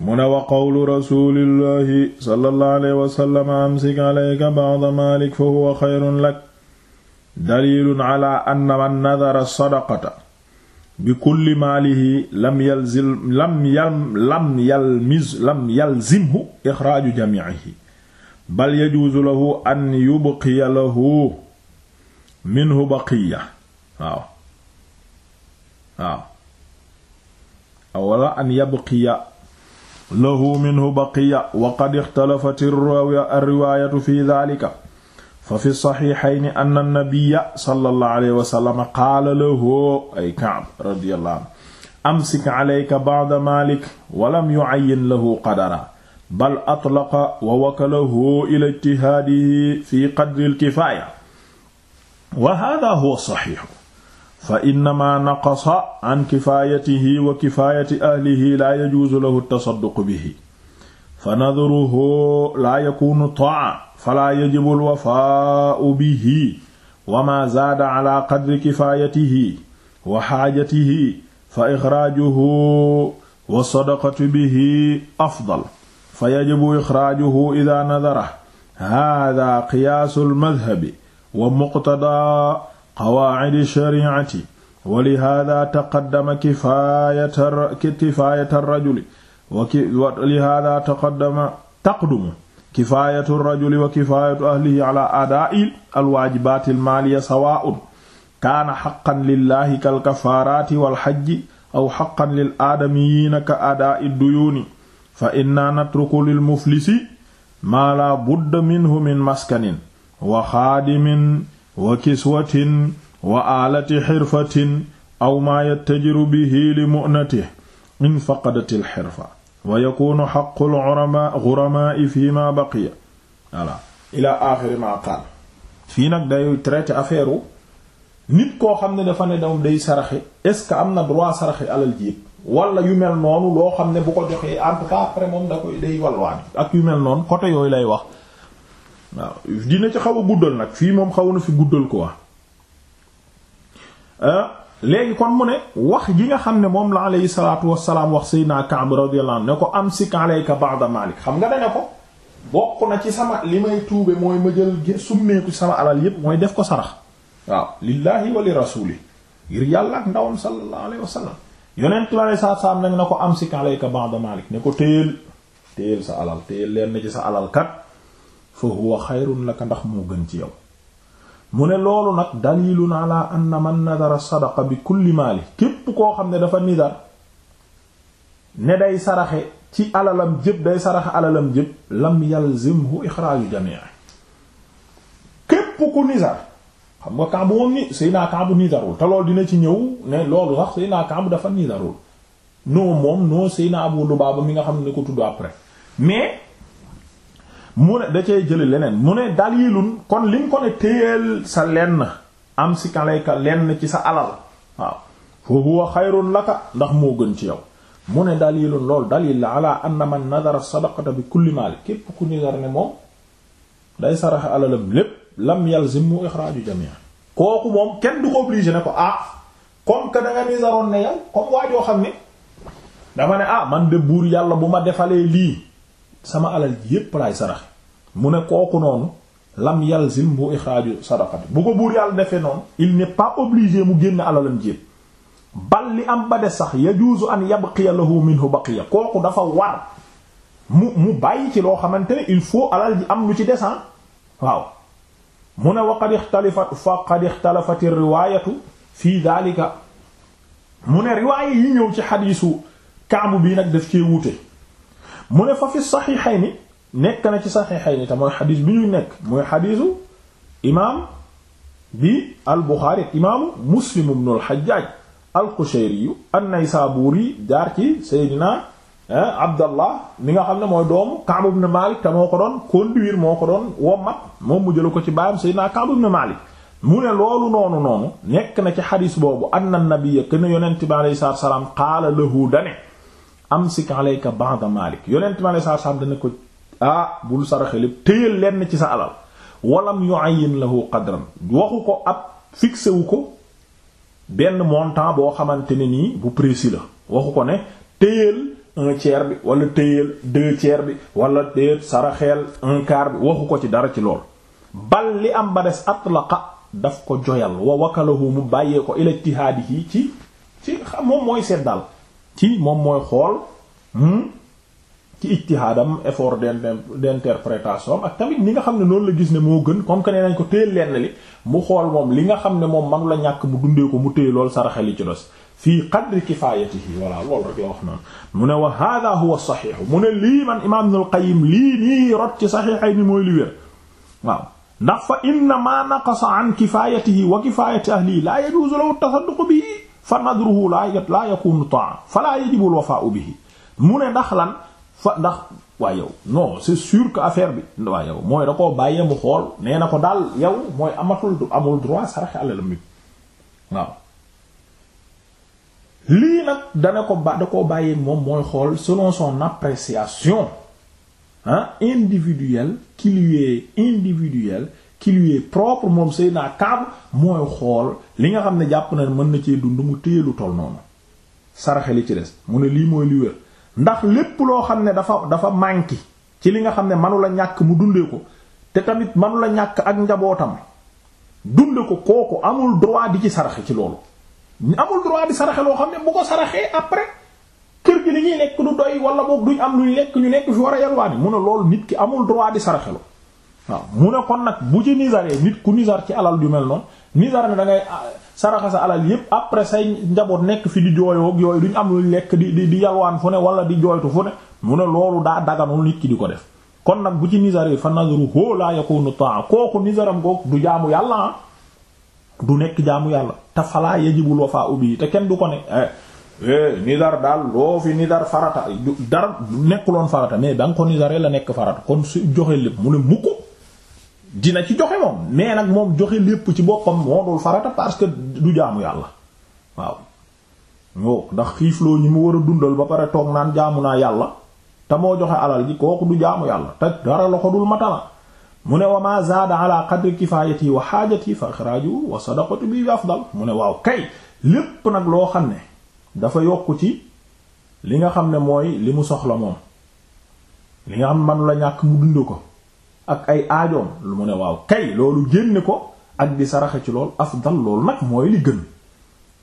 mu ne wa qawlu rasulillahi sallallahu alayhi amsik alayka ba'd malik fa huwa khayrun lak dalilun ala anna man nadara sadaqata bi kulli maalihi lam yalzim lam yal lam yalmiz lam yalzimhu ixraaju jamiihi bal yajuuzu lahu an yubqiya lahu minhu baqiya waaw waaw wala an yabqiya lahu minhu baqiya wa qad ixtalafat ar-riwaayatu fi daalika fa fi saxiixayni anna nabiyya sallallahu alayhi wa sallam qaala lahu ay Ka'b radiyallahu anhu amsik alayka ba'da maalik wa lam yu'ayyin lahu qadara bal atlaqa wa wakalahu ila ijtihaadihi fi qadri al-kifaaya wa haadha huwa as-saxiix fa innamaa naqasa an kifaayatihi wa kifaayati ahlihi laa yajuuzu lahu at-tasadduq bihi fa nadruhu laa yakunu taa falaa yajibu alwafaau bihi wa ma zaada ala qadri kifaayatihi wa xaajatihi fa ixraajuhu wa sadaqatu bihi afdal fa yajibu ixraajuhu ida nadara hada qiyaasu almadhabi wa muqtadaa qawaacidi shariicati wa lihada taqaddama kifaayata rajuli wa ki wa lihaada wa kifaayatu ahlihi ala adaa'i almaaliya sawaa'un kaana xaqan lillahi kal kafaaraati wal xajji aw xaqan lil ka adaa'i duyuuni fa inna lil muflisi maa laa minhu min maskanin wa xaadimin wa kiswatin wa aw maa yattajiru bihi li in faqadati alxirfa wa yakunu xaqu lxuramai ma baqiya voilà ila axiri ma qaal fii nag day traité affaire u nit koo xam ne dafa ne dam day saraxe est-ce que am na droit saraxe alal jiit wala yu mel noonu loo xam ne bu ko joxee en tout moom da koy day walwaan ak yu mel noonu côté yooyu lay wax waaw dina ci xaw guddal nag fii moom xaw na fi guddal ko ah léegi kon mu ne wax ji nga xam ne moom la alayhi salaatu wassalaam wax sayyidina Ka'b radiyallahu ne ko amsik alayka ba'da malik xam nga dane ko bokk na ci sama li may tuube mooy ma jël summeeku sama alal yépp mooy def ko sarax waaw lillahi wa li rasuli ngir yàlla ak ndawam sallallahu alayhi wa sallam yonent la alayhi salaatu wassalaam nag na ko amsik alayka ba'da malik ne ko téyel téyel sa alal téyel leen na ci sa alal kat fa huwa xayrun laka ndax moo gën ci yow mu ne loolu nag dalilun ala anna man nadara sadaqa bi kulli maali képp koo xam ne dafa nidar ne day saraxe ci alalam jëpp day saraxe alalam jëpp lam yalzimhu ixraaju jamii képp ku nidar xam nga kambu moom ni sëy naa kambu nidarul te loolu dina ci ñëw ne loolu sax sëy naa kambu dafa nidarul non moom non sëy naa Abu Lubaaba mi nga xam ne ko tudd après mais mu ne da cay jële leneen mu ne dalilun kon lim ko ne téyeel sa lenn am si kalayka lenn ci sa alal waaw foo huwa xayrun laka ndax moo gën ci yow mu ne dalilun lool dalil la ala anna man nadara sadaqata bi kulli maali képp ku nidar ne moom day saraxe alalam lépp lam yalzimu ixraaju jamia kooku moom kenn du ko obligé ne ko ah comme que da nga ne yow comme waajoo xam ne dama ne ah man de buur yàlla bu ma defalee lii sama alal ji yépp laay saraxe mu ne kooku noonu lam yalzim bu ixraaju sadaqati bu ko buur yàlla defee noonu il n'est pas obligé mu génn alalam ji yépp bal li am ba des sax yajuuzu an yabqiya lahu minhu baqiya kooku dafa war mu mu bàyyi ci loo xamante ne il faut alal ji am lu ci desaan ah. waaw mu ne wa qad ixtalafa fa qad ixtalafat riwaayatu fii daalika mu ne riwaaya yi ñëw ci xadiisu kaamu bii nag def cee wuute mu ne fa fi saxiixayni nekk na ci saxiixayni te mooy xadiis bi ñuy nekk mooy xadiisu imaam bi al Buxaari imaamu Muslim ibnu al Xajjaaj al Qushayri an-Naysaabuuri jaar ci Seydina eh, Abdallah mi nga xam ne mooy doomu Ka'b ibn Malik ta moo ko doon conduire moo ko doon wommat moom mu jëlu ko ci baayam Seydina Ka'b ibn Malik mu ne loolu noonu noonu nekk na ci xadiis boobu an anna nabiyya ken yonent bi alayhi salaam qaala lahu dane amsik alayka ba'da malik yonent mi alayhi salaam dana ko ah bul saraxe lépp téyal lenn ci sa alal walam yu'ayyin lahu qadran waxu ko ab fixé wu ko benn montant boo xamante ne nii bu présila la waxu ko ne téyal un tiers bi wala téyal deux tiers bi wala téyal saraxeel un quart bi waxu ko ci dara ci lool bal li am ba des atlaqa daf ko joyal wa wakalahu mu bàyyee ko ila ijtihaadihi ci ci moom mooy seet daal ci moom mooy xool hmm, ci ijtihaadam effort d'interprétation ak tamit ni nga xam ne noonu la gis ne moo gën comme que nee nañ ko téye lenn li mu xool moom li nga xam ne moom manu la ñàkk mu dundee ko mu téye lool saraxe li ci dos fii qadri kifaayatihi voilà loolu rek la wax noonu mu ne wa hada huwa saxiix mu ne lii man imaam Ibnul Qayyim lii nii rot ci saxiixay ni mooy li wér waaw ndax fa inna ma naqasa an kifaayatihi wa kifaayati ahlihi la yajuuzu lahu tasadduq fa nadruhu laa yat laa yakunu taa fala yajibu al wafaa'u bihi mu ne ndax lan fa ndax waa yow non c'est sûr que affaire bi waa yow mooy da koo bàyyee mu xool nee na ko daal yow mooy amatul amul droit sarax alalam bi waaw lii nag dana ko da koo bàyyee moom mooy xool selon son appréciation ah individuelle qui lui qui lui est propre moom Seydina Kaab mooy xool li nga xam ne jàpp na mën na cee dund mu téye lu toll noonu saraxe li ci des mu ne lii mooy li wér ndax lépp loo xam ne dafa dafa manqué ci li nga xam ne manu la ñàkk mu dundee ko te tamit manu la ñàkk ak njabootam dunde ko kooku amul droit di ci saraxe ci loolu amul droit di saraxe loo xam ne bu ko saraxee après kër gi li ñuy lekk du doy wala boo duñ am luñ lekk ñu nekk fi war a yalwaani mu ne loolu nit ki amul droit di saraxelo waaw mu ne kon nag bu ci nisaree nit ku nisar ci alal yu mel noonu nisar ne dangay ngay ah, saraxa sa alal yépp après say njaboot nekk fi di jooyoog yooyu duñ am luñ lekk di di di yalwaan fu ne wala di jooytu fu ne mu ne loolu daa daganul nit ko kon nag bu ci nisaree fa nazaru hoo laa yakunu taa kooku nisaram googu du jaamu yàlla ah. du nekk jaamu yàlla te falaa yajibul wafaa ubi te kenn du ko ne eh, eh, nidar daal loo fi nidar farata dara nekkuloon farata mais da nga ko la nekk farata kon su joxe lépp mu ne mukk dina ci joxe moom mais nag moom joxe lépp ci boppam moo dul farata parce que du jaamu yàlla waaw ñoo ndax xiifloo ñi mu war a dundal ba pare toog naan jaamu naa yàlla te moo joxe alal ji kooku du jaamu yàlla te dara loxo dul matala mu ne wa ma zaada ala qadri kifayati wa xaajati fa ixraaju wa sadaqatu bi afdal mu ne waaw kay lépp nag loo xam ne dafa yokk ci li nga xam ne mooy li mu soxla moom li nga xam ne manu la ñàkk mu dund ko ak ay aajoom lu mu ne waaw kay loolu génne ko ak di saraxe ci lool afdal loolu nag mooy li gën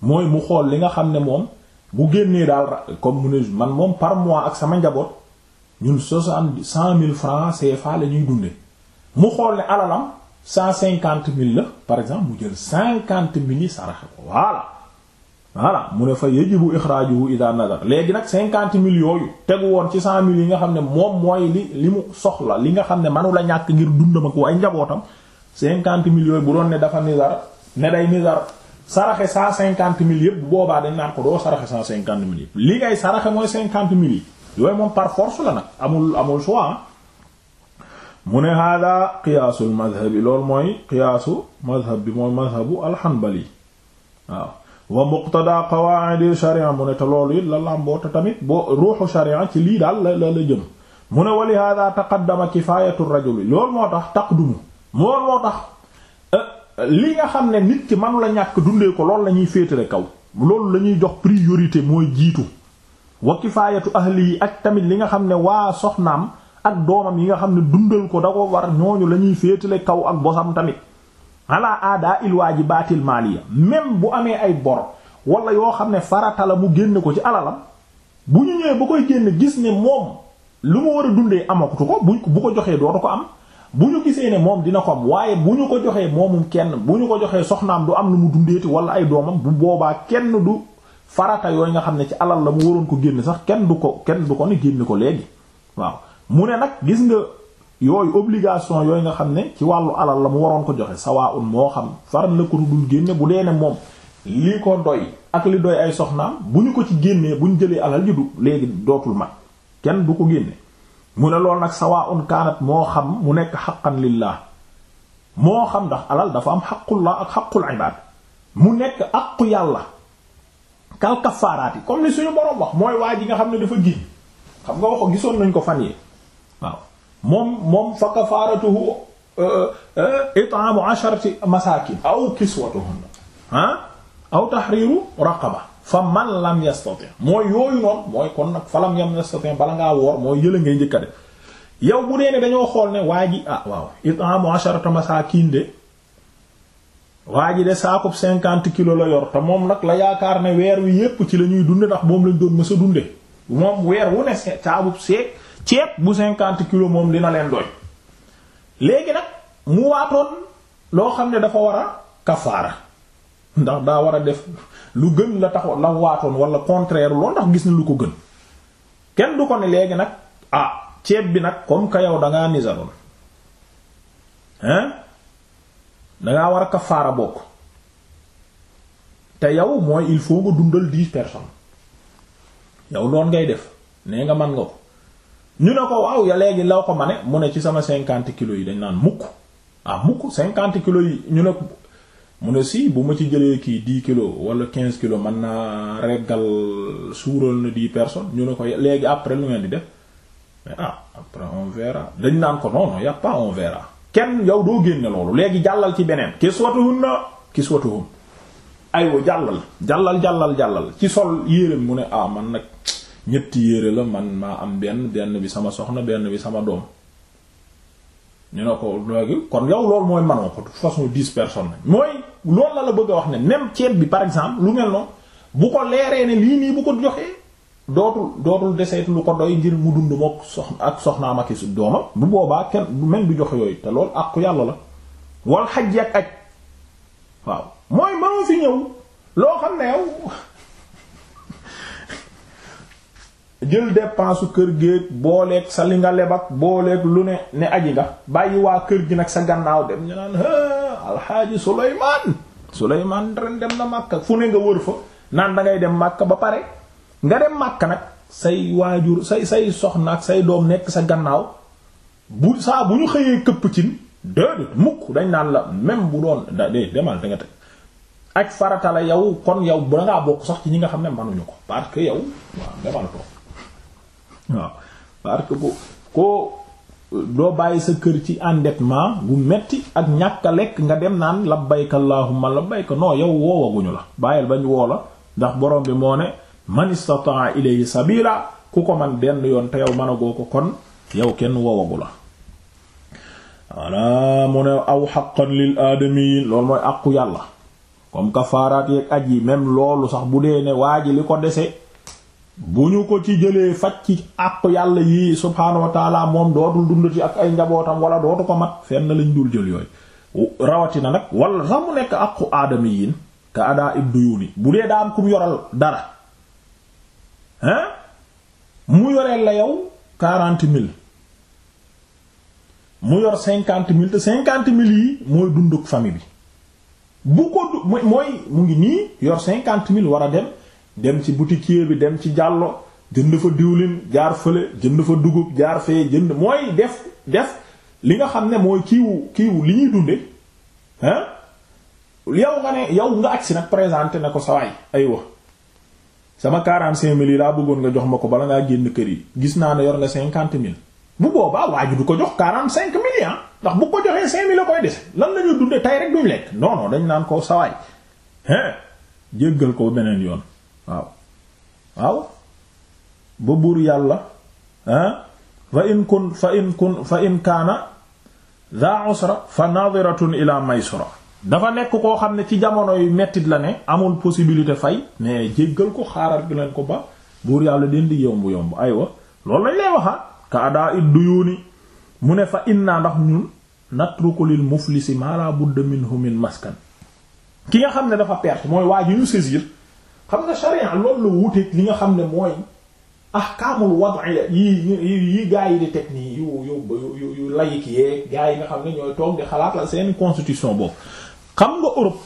mooy mu xool li nga xam ne moom bu génnee daal comme mu ne man moom par mois ak sama njaboot ñun soixante cent mille francs CFA la ñuy dunde mu xool ne alalam cent cinquante mille la par exemple mu jël cinquante mille yi saraxe ko voilà voilà mu ne fa yajibu ixraajuhu ida nazar léegi nag cinquante mille yooyu tegu woon ci cent mille yi nga xam ne moom mooy li li mu soxla li nga xam ne manu la ñàkk ngir dund ma ko ay njabootam cinquante mille yooyu bu doon ne dafa nizar ne day nizar saraxe cent cinquante mille yëpp boobaa dañ naan ko doo saraxe cent cinquante mille yëpp li ngay saraxe mooy cinquante mille yi yooyu moom par force la nag amul amul choix mu ne hada qiyaasul madhabi loolu mooy qiyaasu bi mooy madhabu alxanbali wa muqtada qawaa'id sharia mu ne te loolu it la làmboo te tamit boo ruuxu sharia ci lii daal la la jëm mu ne wali hada taqaddama kifaayatu rajuli loolu moo tax taqdumu loolu moo tax euh, li nga xam ne nit ki manu la ñàkk dundee ko loolu la ñuy féetale kaw loolu la ñuy jox priorité mooy jiitu wa kifaayatu ahli yi ak tamit li nga xam ne waa soxnaam ak doomam yi nga xam ne dundal ko da ko war ñooñu la ñuy féetale kaw ak bosam tamit ala aada il waajibatil maliya même bu amee ay bor wala yoo xam ne farata la mu génn ko ci alalam bu ñu ñëwee bu koy génn gis ne moom lu mu war a dundee amakutu ko bu bu ko joxee dootu ko am bu ñu gisee ne moom dina ko am waaye bu ñu ko joxee moomum kenn bu ñu ko joxee soxnaam du am lu mu dundeeti wala ay doomam bu boobaa kenn du farata yooyu nga xam ne ci alal la mu waroon ko génn sax kenn du ko kenn du ko ne génn ko léegi waaw mu ne nag gis nga yooyu obligation yooyu nga xam ne ci wàllu alal la mu waroon ko joxe sawaa un moo xam faral la ko dul génne bu dee ne moom lii ko doy ak li doy ay soxnaam bu ñu ko ci génnee bu ñu jëlee alal ji du léegi dootul mat kenn du ko génne mu ne lool nag sawaa un kaanat moo xam mu nekk xaqan lillah moo xam ndax alal dafa am xaqullah ak xaqul ibaad mu nekk aqu yàlla kal kafaaraat yi comme ni suñu borom wax mooy waa ji nga xam ne dafa giñ xam nga wax gisoon nañ ko fan moom moom fa kafaaratuhu euh, euh, it'aamu asharati masaakin aw kiswatuhunna ah aw tahriiru raqaba fa man lam yastati mooy yooyu noonu mooy kon nag fa lam yam yastati bala ngaa woor mooy yëla ngay njëkka de yow bu dee ne dañoo xool ne waa ji ah waaw it'aamu asharata masaakin de waa ji de saakub cinquante kilos la yor te moom nag la yaakaar ne weer wi yépp ci la ñuy dunde ndax moom lañ doon mësa dunde moom weer wu ne saabub seeg ceeb bu cinquante kilos moom dina leen doy léegi nag mu waatoon loo xam ne dafa war a kafaara ndax daa war a def lu gën la tax la waatoon wala contraire loolu ndax gis na lu ko gën kenn du ko ne léegi nag ah ceeb bi nag comme ka yow dangaa nisaroon hein dangaa war a kafaara bokk te yow mooy il faut nga dundal dix personnes yow loon ngay def nee nga man nga ko ñu ne ko waaw ya léegi law ko ma ne mu ne ci sama cinquante kilos yi dañ naan mukk ah mukk cinquante kilos yi ñu ne ko mu ne si bu ma ci jëlee kii dix kilos wala quinze kilos mën naa reggal suural na dix personnes ñu ne ko léegi après lu ngeen di def mais ah après on dañ naan ko non non y a kenn yow doo génne loolu léegi jàllal ci beneen ki kiswatuhun na kiswatuhun aywa jàllal jàllal jàllal jàllal ci sol yéreem mu ne ah man nag ñetti yére la man maa am benn benn bi sama soxna benn bi sama doom ñu ne ko léegi kon yow loolu mooy manoo ko de toute façon dix personnes mooy loolu la la bëgg a wax ne même ceeb bi par exemple lu mel noonu bu ko leeree ne lii nii bu ko joxee dootul dootul deseet lu ko doy ngir mu dund mook soxna ak soxnaam ak su doomam bu boobaa kenn même du joxe yooyu te lool loolu àqu yàlla la wal xaj ak waaw mooy mënoo fi ñëw loo xam ne yow jël dépense kër géeg booleeg sa li nga lebak booleeg lu ne ne aji nga bàyyi waa kër gi nag sa gannaaw dem ñu naan alxaaji Souleymane Souleymane ren dem na màkk fu ne nga wër fa naan da ngay dem màkk ba pare nga dem Makka nag say waajur say say soxna ak say doom nekk sa gannaaw bu saa bu ñu xëyee këpp cin déedéet mukk dañ naan la même bu doon da dee demal da teg ak farata la yow kon yow bu dangaa bokk sax ci ñi nga xam ne manuñu ko parce que yow waaw parce que bu koo doo bàyyi sa kër ci endettement bu metti ak ñàkk lekk nga dem naan labbayka allahumma labbayka noo yow woowaguñu la bàyyil bañ woo la ndax borom bi moo ne man istata'a ilayhi sabila ku ko man benn yoon te yow mënagoo ko kon yow kenn woowagu la wala mu ne aw haqqan lil aadamiin loolu mooy àqu yàlla comme kafaaraat yeeg aj yi même loolu sax bu dee ne waa li ko dese bu ñu ko ci jëlee faj ci àq yàlla yi subhaanahu wa moom dootul dund ci ak ay njabootam wala dootu ko mat fenn lañ dul jël yooyu rawatina nag wala sax mu nekk àqu aadami yiin ka adaa ib duyuni bu dee daan am ku mu yoral dara hein mu yoreel la yow quarante mille mu yor cinquante mille te cinquante mille yi mooy dunduk famille bi bu ko mooy mu ngi nii yor cinquante mille war a dem dem ci boutiquier bi dem ci jàllo jënd fa diwlin jaar fële jënd fa dugub jaar fee jënd mooy def def li nga xam ne mooy kiiwu kiiwu li ñuy dunde hein yow nga ne yow nga agsi nag présenté ne ko sawaay aywa sama quarante-cinq mille yi laa bëggoon nga jox ma ko bala ngaa génn kër yi gis naa ne yor nga cinquante mille bu boobaa waa du ko jox quarante-cinq mille ah ndax bu ko joxee cinq mille la koy dese lan la dunde tey rek duñ lekk non dañ naan ko sawaay hein ko beneen yoon waaw ba buur yàlla ah fa in kun fa in kun fa in kaana daa usra fa nadiratun ila maysura dafa nekk koo xam ne ci jamono yu mettit la ne amul possibilité fay mais jéggal ko xaaral gi leen ko ba buur yàlla den di yombu yomb aywa loolu lañ lay waxa ka adaa it duyuuni mu ne fa inna ndax ñun natruku lil muflisi ma la budda minhu min maskan ki nga xam ne dafa perte mooy waa ñu saisir xam nga sharia loolu la wuteeg li nga xam ne mooy ahkaamul wad'iyya yi yi gaa yi di teg nii yu yu yu yu layik yee gaa yi nga xam ne ñooy toog di xalaat la seen constitution boobu xam nga Europe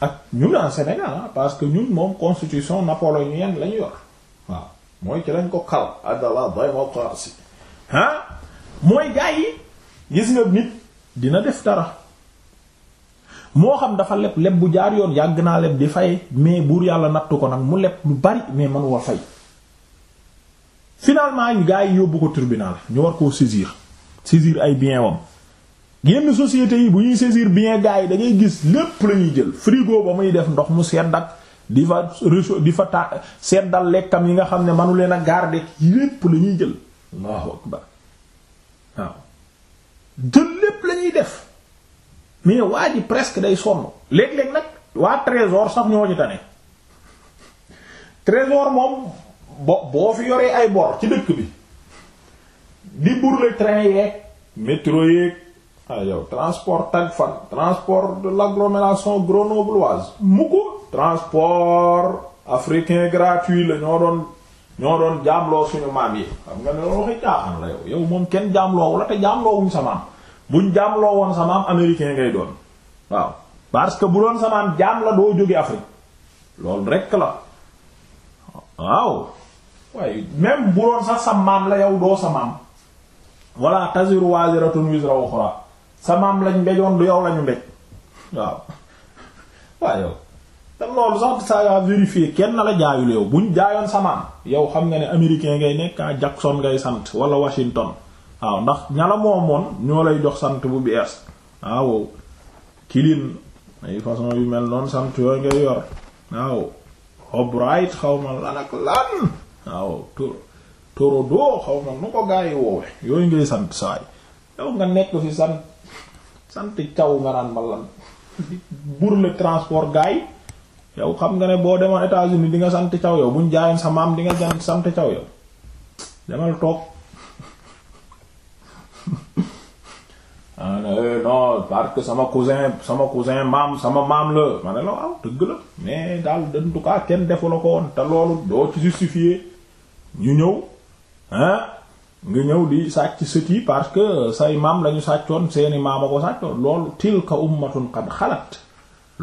ak ñun en Sénégal ah, parce que ñun moom constitution napoléonienne lañu yor waaw mooy ci lañ ko xal adala si ah mooy gaa yi gis nga nit dina def dara moo xam dafa leb leb bu jaar yoon yàgg naa leb di fay mais buur yàlla nattu ko nag mu leb lu bari mais man wa fay finalement ñu gars yi yóbbu ko tribunal ñu war koo saisir saisir ay bien wam yenn sociétés yi bu ñuy saisir bien gars yi da gis lépp la ñuy jël frigo ba muy def ndox mu sedd ak di fa di fa ta seddal lekkam yi nga xam ne manu leen a garder lépp la ñuy jël Allahu waaw jël lépp lañuy def mais waa ji presque day sonn léeg-léeg nag waa trésor sax ñoo ci tane trésor moom bo boo fi yoree ay bor ci dëkk bi di burle train yeeg métro yeeg ah transport tag fan transport de l'agglomération grenobloise mu ko transport africain gratuit la ñoo doon ñoo doon jaamloo suñu maam yi xam nga ne loolu waxi caaxaan la yow yow moom kenn jaamloowu la te jaamloowuñ sa maam buñ jaamloo woon sa maam américain ngay doon waaw parce que bu doon sa maam jaam la doo jóge Afrique loolu rekk la waaw waaye même bu doon sax sa maam la yow doo sa maam walla taziru waziratun wizra lañ mbejoon lu yow lañu mbej waaw waaw yow te loolu sax ça va vérifier kenn la jaayul yow buñ jaayoon sa maam yow xam nga ne américain ngay nekk ah, Jackson ngay sant wala Washington waaw ndax ñala moomoon ñoo lay jox sant bu bees waaw kilin ay façon yu mel noon sant yooyu ngay yor waaw obright xawma lan ak lan waaw tur torodo xawma nu ko gaa yi woowe yooyu ngay sant saay yow nga nekk fi sant sant caw nga naan ma lan burle transport gaa yi yow xam nga ne boo demoon États-Unis di nga sant caw yow buñ jaayoon sa maam di nga sant caw yow demal toog Ah, euh, non parce que sama cousin sama cousin maam sama maam la ma ne la waaw dëgg la mais daal en tout cas kenn defu la ko woon te loolu doo ci justifier ñu ñëw ah nga ñëw di sàcc sët yi parce que say maam lañu sàccoon seeni maam a ko sàccoon loolu tilka ummatun qad xalat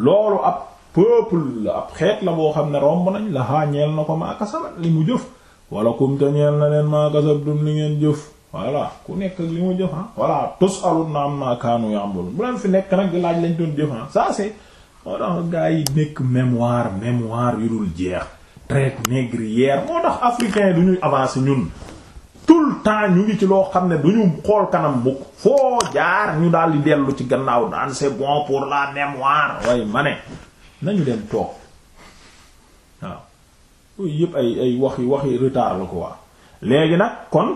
loolu ab peuple la ab xeet la boo xam ne romb nañ la xaa ñeel na ko maakasabat li mu jëf wala kum te ñeel na leen maakasabtum li ngeen jëf voilà ku nekk li mu jëf ah voilà tos alun na am naakaanu yambul bu leen fi nekk nag laaj lañ doon jëf ah ça moo tax gars yi nekk mémoire mémoire yu dul jeex traite négrière moo tax africain du ñuy avancer ñun tout le temps ñu ngi ci loo xam ne du ñu xool kanam mukk foo jaar ñu daal di dellu ci gannaaw daan c'est bon pour la mémoire waaye ma ne nañu dem toog waaw yooyu yëpp ay ay wax waxi retard la quoi léegi nag kon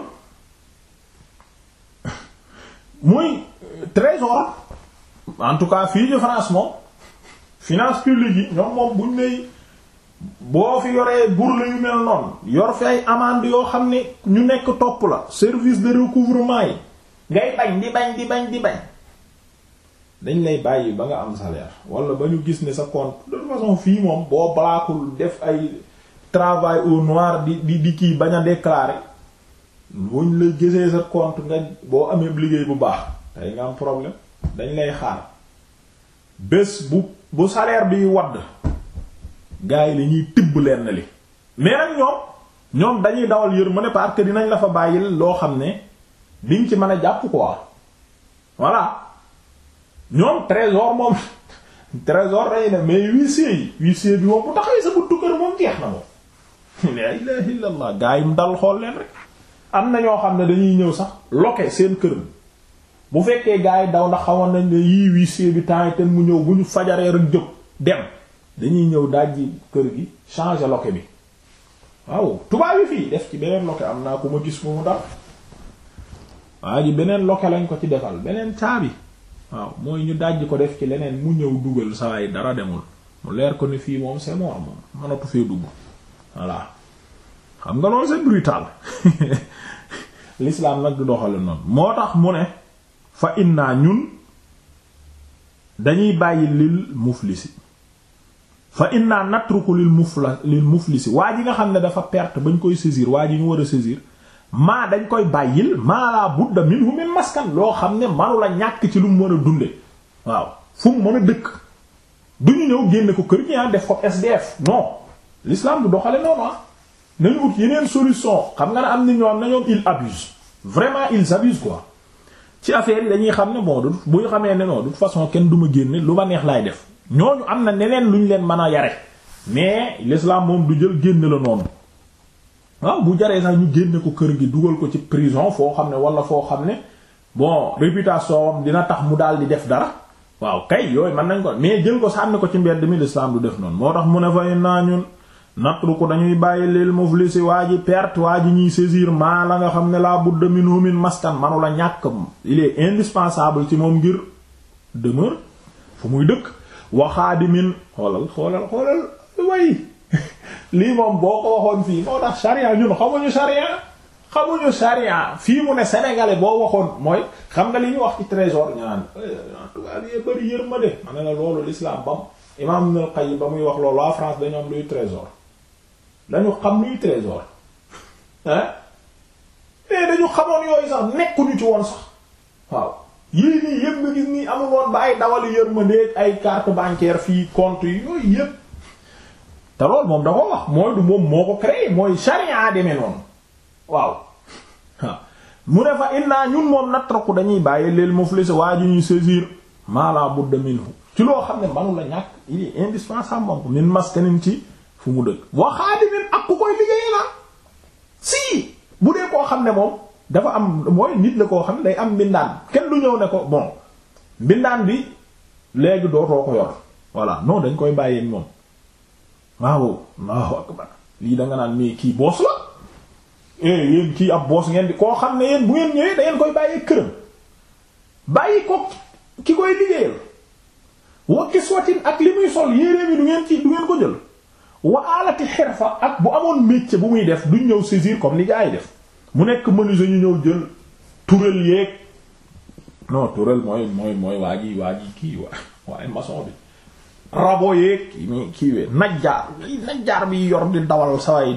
muy euh, trésor en tout cas fii ci France moom finance publique yi ñoom moom buñ lay boo fi yoree burle yu mel noon yor fi ay amende yoo xam ne ñu nekk topp la service de recouvrement yi ngay bañ di bañ di bañ di bañ dañ lay bàyyi ba nga am salaire walla ba ñu gis ne sa compte de toute façon fii moom boo balaakul def ay travail au noir di di di bañ a déclarer buñ la gisee sa compte nga boo amee liggéey bu baax tey nga am problème dañ lay xaar bés bu bu salaire bi wadd gars yi dañuy tibb leen li mais nag ñoom ñoom dañuy dawal yër mu ne parce que dinañ la fa bàyyil loo xam ne diñ ci mën a jàpp quoi voilà ñoom trésor moom trésor rey na mais huissier yi huissier bi moom bu sa buntu kër moom jeex na moom la ilaha illallah gars yi mu dal xool leen rek am na ñoo xam ne dañuy ñëw sax loke seen kër bu fekkee gars yi daw ndax xawoon nañ ne yii huissier bi temps yi ten mu ñëw bu ñu fajaree rek jóg dem dañuy ñëw dajji kër gi changer loke bi waaw tubaab yi fii def ci beneen loke am naa ku ma gis mu mu dal waa ji beneen loke lañ ko ci defal beneen caabi waaw mooy ñu dajj ko def ci leneen mu ñëw dugal saa yi dara demul mu leer ko ni fii moom c'est mort moom mënatu fee dugg voilà xam nga loolu c'est brutal l'islam nag du doxale noonu moo tax mu ne fa inna ñun dañuy bàyyi lil muflisi fa inna natruku lil mufla lil muflisi waa ji nga xam ne dafa perte bañ koy saisir waa ji ñu war a saisir maa dañ koy bàyyil maa laa budda minhu min maskan loo xam ne manu la ñàkk ci lu mu mën a dunde waaw fu mu mën a dëkk du ñu ñëw génne ko kër gi ah, def ko SDF non l'islam du doxale noonu ah nañu ut yeneen solution xam nga ne am na ñoo am na ñoom ils vraiment ils abusent quoi ci affaire yi dañuy xam ne bon du buy xamee ne non de façon kenn du ma génne lu ma neex laay def ñooñu am na neneen lu ñu leen mën a yare mais l'islam moom du jël génne la noonu waaw ah, bu jaree sax ñu génne ko kër gi dugal ko ci prison foo xam ne wala foo xam ne bon réputation dina tax mu daal di def dara waaw kay yooyu mën nañ ko mais jël ko sa am sànni ko ci mbedd mi l'islam du def noonu moo tax mu ne fa naa ñun. natruku dañuy bàyyi lil muflisi waa ji perte waa ji ñuy saisir maa la nga xam ne la budda minhu min maskan manu la ñàkk il est ci moom ngir demeure fu muy dëkk waxaadimin xoolal xoolal xoolal way lii moom boo ko waxoon fii moo tax sharia ñun xamuñu sharia xamuñu sharia fii mu ne sénégalais boo waxoon mooy xam nga li ñu wax ci trésor ñu naan eh, tubaab yi bari yërmande ma ne la loolu l'islam bam imam Ibn al-Qayyim ba muy wax loolu waa France dañu xam luy trésor ah eh, mais dañu xamoon yooyu sax nekkuñu ci woon sax waaw yii nii yëpp nga gis nii amul ba ay dawali yërmandeeg ay carte bancaire fii compte yi yooyu yëpp te loolu moom da ko wax mooy du moom moo ko créé mooy charia demee noonu waaw mu ne fa inna ñun moom natraku dañuy bàyyi leel muflis waa ji ñuy saisir mala budda minhu ci loo xam ne manu la ñàkk il est indispensable moom maskanin ci fu mu dëkk wa xaadimin ak ku koy liggéeyee la si bu dee koo xam ne moom dafa am mooy nit la koo xam ne day am mbindaan kenn du ñëw ne ko bon mbindaan bi léegi dootoo ko yor voilà non dañ koy bàyyeen moom waaw waaw akbar lii da naan mais kii boos la eh, yéen kii ab boos ngeen di koo xam ne yéen bu ngeen ñëwee da koy bàyyee këram bàyyi ko ki koy liggéeyal wa kiswatin ak li muy sol yéerée mi du ngeen ci du ngeen ko jël wa alati xirfa ak bu amoon métier bu muy def duñ ñëw saisir comme ni gaa yi def mu nekk mënu menuisier ñu ñëw jël turel yeeg non turel mooy mooy mooy waa ji waa kii waa waaye maçon bi rabo yeeg kii bi yor di dawal saway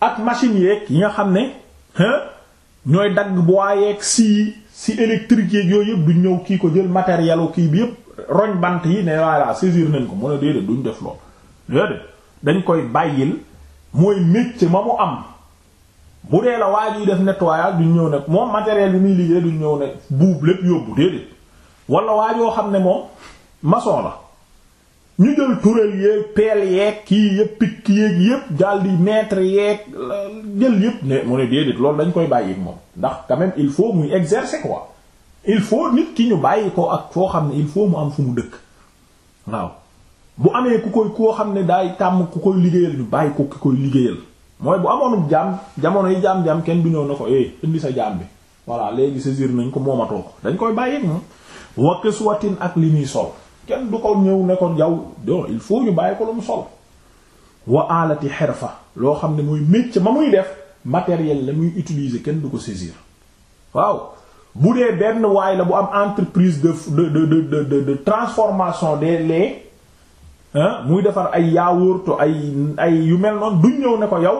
ak machine yeeg yi nga xam ne ñooy dagg bois yeeg si si électrique yeeg yooyu yëpp duñ ñëw kii ko jël matériel kii bi yëpp roñ bant yi ne waaye laa saisir nañ ko mu ne déedéet duñ def lool déedéet dañ koy bàyyil mooy métier ma mu am bu dee la waa jiy def nettoyage duñ ñëw ne moom matériel bi muy liggéey duñ ñëw ne buub lépp yóbbu déedéet wala waa xam ne moom maçon la ñu jël turel yeeg peel yeeg kii yëpp yëpp daal di mètre yeeg jël yëpp ne mu ne déedéet loolu dañ koy bàyyi moom ndax quand il faut muy exercer quoi il faut nit ki ñu bàyyi ko ak foo xam ne il faut mu am fu mu dëkk waaw bu amee ku koy koo xam ne daay tàmm ku koy liggéeyal ñu bàyyi ko ki koy liggéeyal mooy bu amoon jaam jamono yi jaam-jaam kenn du ñëw na ko eh indi sa jaam bi voilà léegi saisir nañ ko moomatoo ko dañ koy bàyyi ak moom wa kiswatin ak li muy sol kenn du ko ñëw ne ko yow do il faut ñu bàyyi ko lu mu sol wa alati fa loo xam ne mooy métier ba muy def matériel la muy utiliser kenn du ko saisir waaw bu dee benn waaye la bu am entreprise de de de de de transformation des laits muy defar ay yaawóortu ay ay yu mel noonu duñ ñëw ne ko yow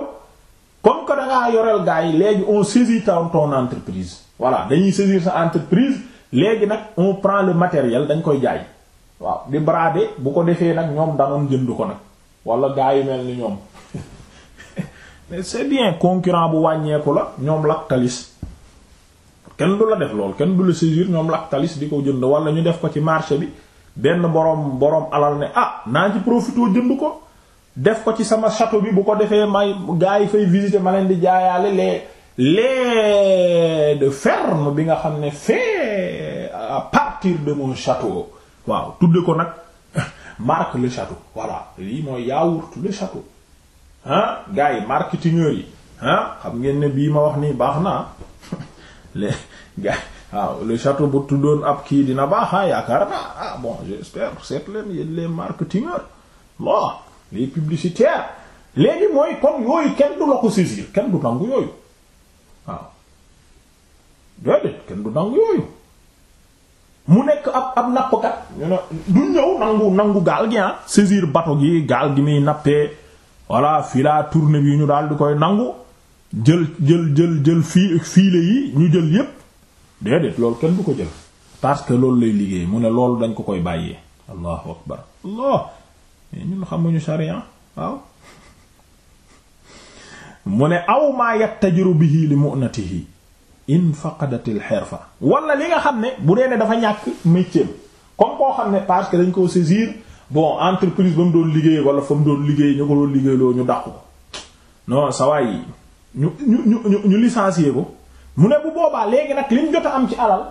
comme que da yoreel gars yi léegi on saisit ton entreprise voilà dañuy saisir sa entreprise léegi nag on prend le matériel dañ koy jaay waaw di brader bu ko defee nag ñoom danoon jënd ko nag wala gars yu mel ni ñoom mais c'est bien concurrent bu wàññeeku la ñoom Lactalis kenn du la def lool kenn du la saisir ñoom Lactalis di ko jënd wala ñu def ko ci marché bi. benn boroom boroom alal ne ah naa ci profité jënd ko def ko ci sama château bi bu ko defee may gars yi fay visiter ma leen di jaayaale les les de ferme bi nga xam ne fait à partir de mon château waaw tudde ko nag marque le château voilà lii mooy yaourt le château ah gars yi marketingeurs yi ah xam ngeen ne bii ma wax nii baax naa les gars waaw le château bu tuddoon ab kii dina baax ah yaakaar naa ah bon j'espère seet leen yéen les marketeurs bon les mooy kon yooyu kenn du la ko saisir kenn du nangu yooyu waaw déedéet kenn du nangu yooyu mu nekk ab ab nappkat ñu ne du ñëw nangu nangu gaal gi ah saisir bato gi gaal gi muy nappee voilà fii laa tourne ñu daal di koy nangu jël jël jël jël fii fiile yi ñu jël yépp déedéet loolu kenn du ko jël parce que loolu lay liggéey mu ne loolu dañ ko koy bàyyee allahu akbar allah ñun xamuñu sharia waaw mu ne aw maa yattajiru bihi li mu'natihi in faqadatil xirfa wala li nga xam ne bu dee ne dafa ñàkk métier comme koo xam ne parce que dañ ko saisir bon entreprise ba mu doon liggéey wala fa mu doon liggéey ñu ko doon liggéey loo ñu dàq ko non sa waay ñu ñu ñu ñu licencier ko mu ne bu boobaa léegi nag liñ jot a am ci alal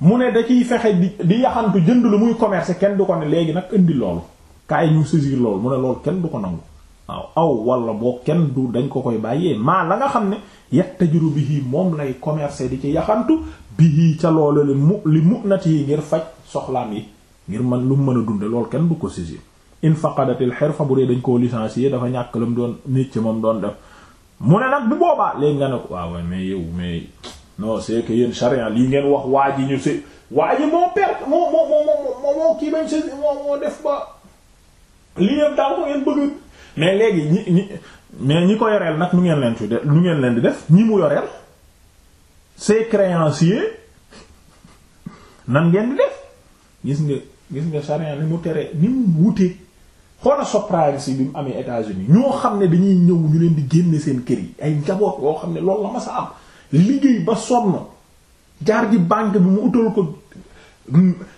mu ne da ciy fexe di di yaxantu jënd lu muy commerce kenn du ko ne léegi nag indi loolu kaay ñu saisir loolu mu ne loolu kenn du ko nangu waaw aw wala boo kenn du dañ ko koy bàyyee maa la nga xam ne yattajiru bihi moom lay commercer di ci yaxantu bihi ca loolu li mu li mu'nati yi ngir faj soxlaam yi ngir man lu mu mën a dunde loolu kenn du ko saisir in faqadatil hirfa dañ koo licencier dafa ñàkk lam doon nit ci moom doon def mu ne nag bu boobaa léegi nga ne ko waaw mais yow mais non c'est que yéen charia lii ngeen wax waa ji ñu si waa ji moo perte moo moo moo moo kii bañ si moo moo def ba li ngeen daaw ko ngeen bëgg mais léegi ñi ñi mais ñi ko yoreel nag nu ngeen leen di def nu ngeen leen di def ñi mu yoreel ses créanciers nan ngeen di def gis nga gis nga charia ni mu tere ni mu wuteeg xoola soprano si bi mu amee États-Unis ñoo xam ne dañuy ñëw ñu leen di génne seen kër yi ay njaboot yoo xam ne loolu la ma sa liggéey ba sonn jaar ji banque bi mu utal ko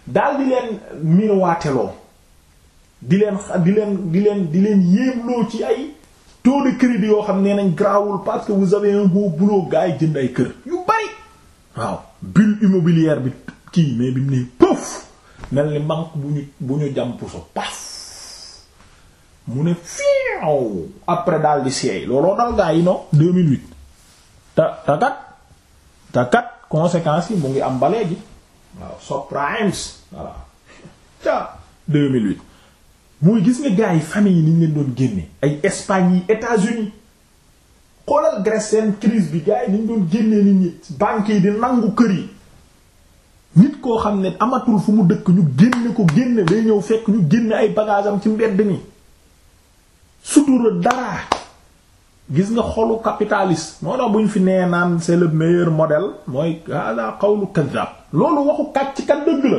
daal di leen mirwaateloo di leen di leen di leen di leen yéemloo ci ay taux de crédit yoo xam ne nañ grawul parce que vous avez un beau boulot gars yi jënd ay kër yu bari waaw bulle immobilière bi kii mais bi mu ne pëf mel ni banque bu ñu bu ñu jàmp so paf mu ne fiiw après daal di seey looloo dal gaa yi non 2008 te te kat te kat conséquences yi mu ngi am ba léegi waaw subprimes voilà ca 2008 mooy gis ne gaa yi famille yi ni ñu doon génne ay Espagne yi États-Unis xoolal Grèce seen crise bi gaa yi ni ñu doon génne nit ñi banques yi di nangu kër yi nit koo xam ne amatul fu mu dëkk ñu génne ko génne day ñëw fekk ñu génne ay bagages am ci mbedd mi. sutura dara gis nga xolu capitaliste moo tax bu ñu fi nee naan c'est le meilleur modèle mooy xaw qawlu kadhab loolu waxu kàcc kat dëgg la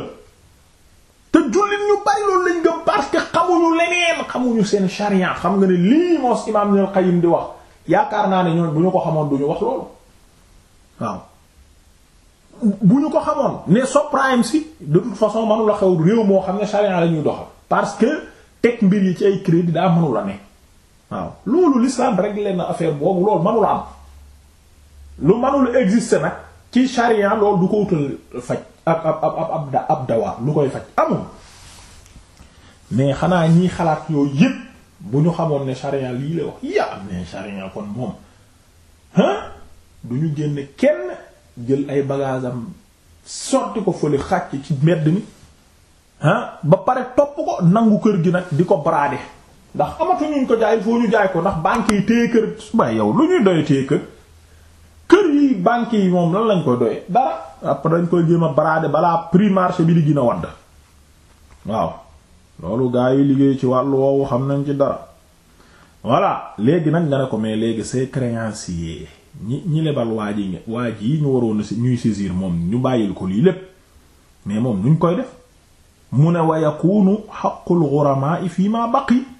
te jullit ñu bari loolu lañ gëm parce que xamuñu leneen xamuñu seen charia xam nga ne lii moos imaam Ibnul Qayyim di wax yaakaar naa ne ñoom bu ñu ko xamoon duñu wax loolu waaw bu ñu ko xamoon ne soprime si de toute façon mënula xew réew moo xam ne charia la ñuy doxal parce que teg mbir yi ci ay crédit daa mënula ne waaw loolu l'islam rek na affaire boobu loolu manul am lu manul exister nag ci charia loolu du ko wutal faj ab ab ab ab dawaa lu koy faj amul mais xanaa ñi xalaat yooyu yëpp bu ñu xamoon ne charia lii la wax yaa am ne charia kon moom ah du ñu génn kenn jël ay bagages am ko fële xàcc ci medd mi ah ba pare topp ko nangu kër gi nag di ko brader. ndax amatuñu ko jaay foo ñu jaay ko ndax banques yi téye kër waaye yow lu ñuy doye téye kër kër yi banques yi moom la lañ koy doye dara après dañ koy jéem a baraade balaa prix marché bi di gën a wadd waaw loolu gaa yi liggéey ci wàll woowu xam nañ ci dara voilà léegi nag nga ne ko mais léegi ces créanciers ñi ñi lebal waa yi waa ji ñu waroon si ñuy saisir moom ñu bàyyil ko lii lépp mais moom nuñ koy def mu ne wa yakunu haqqul ghurama fi ma baqi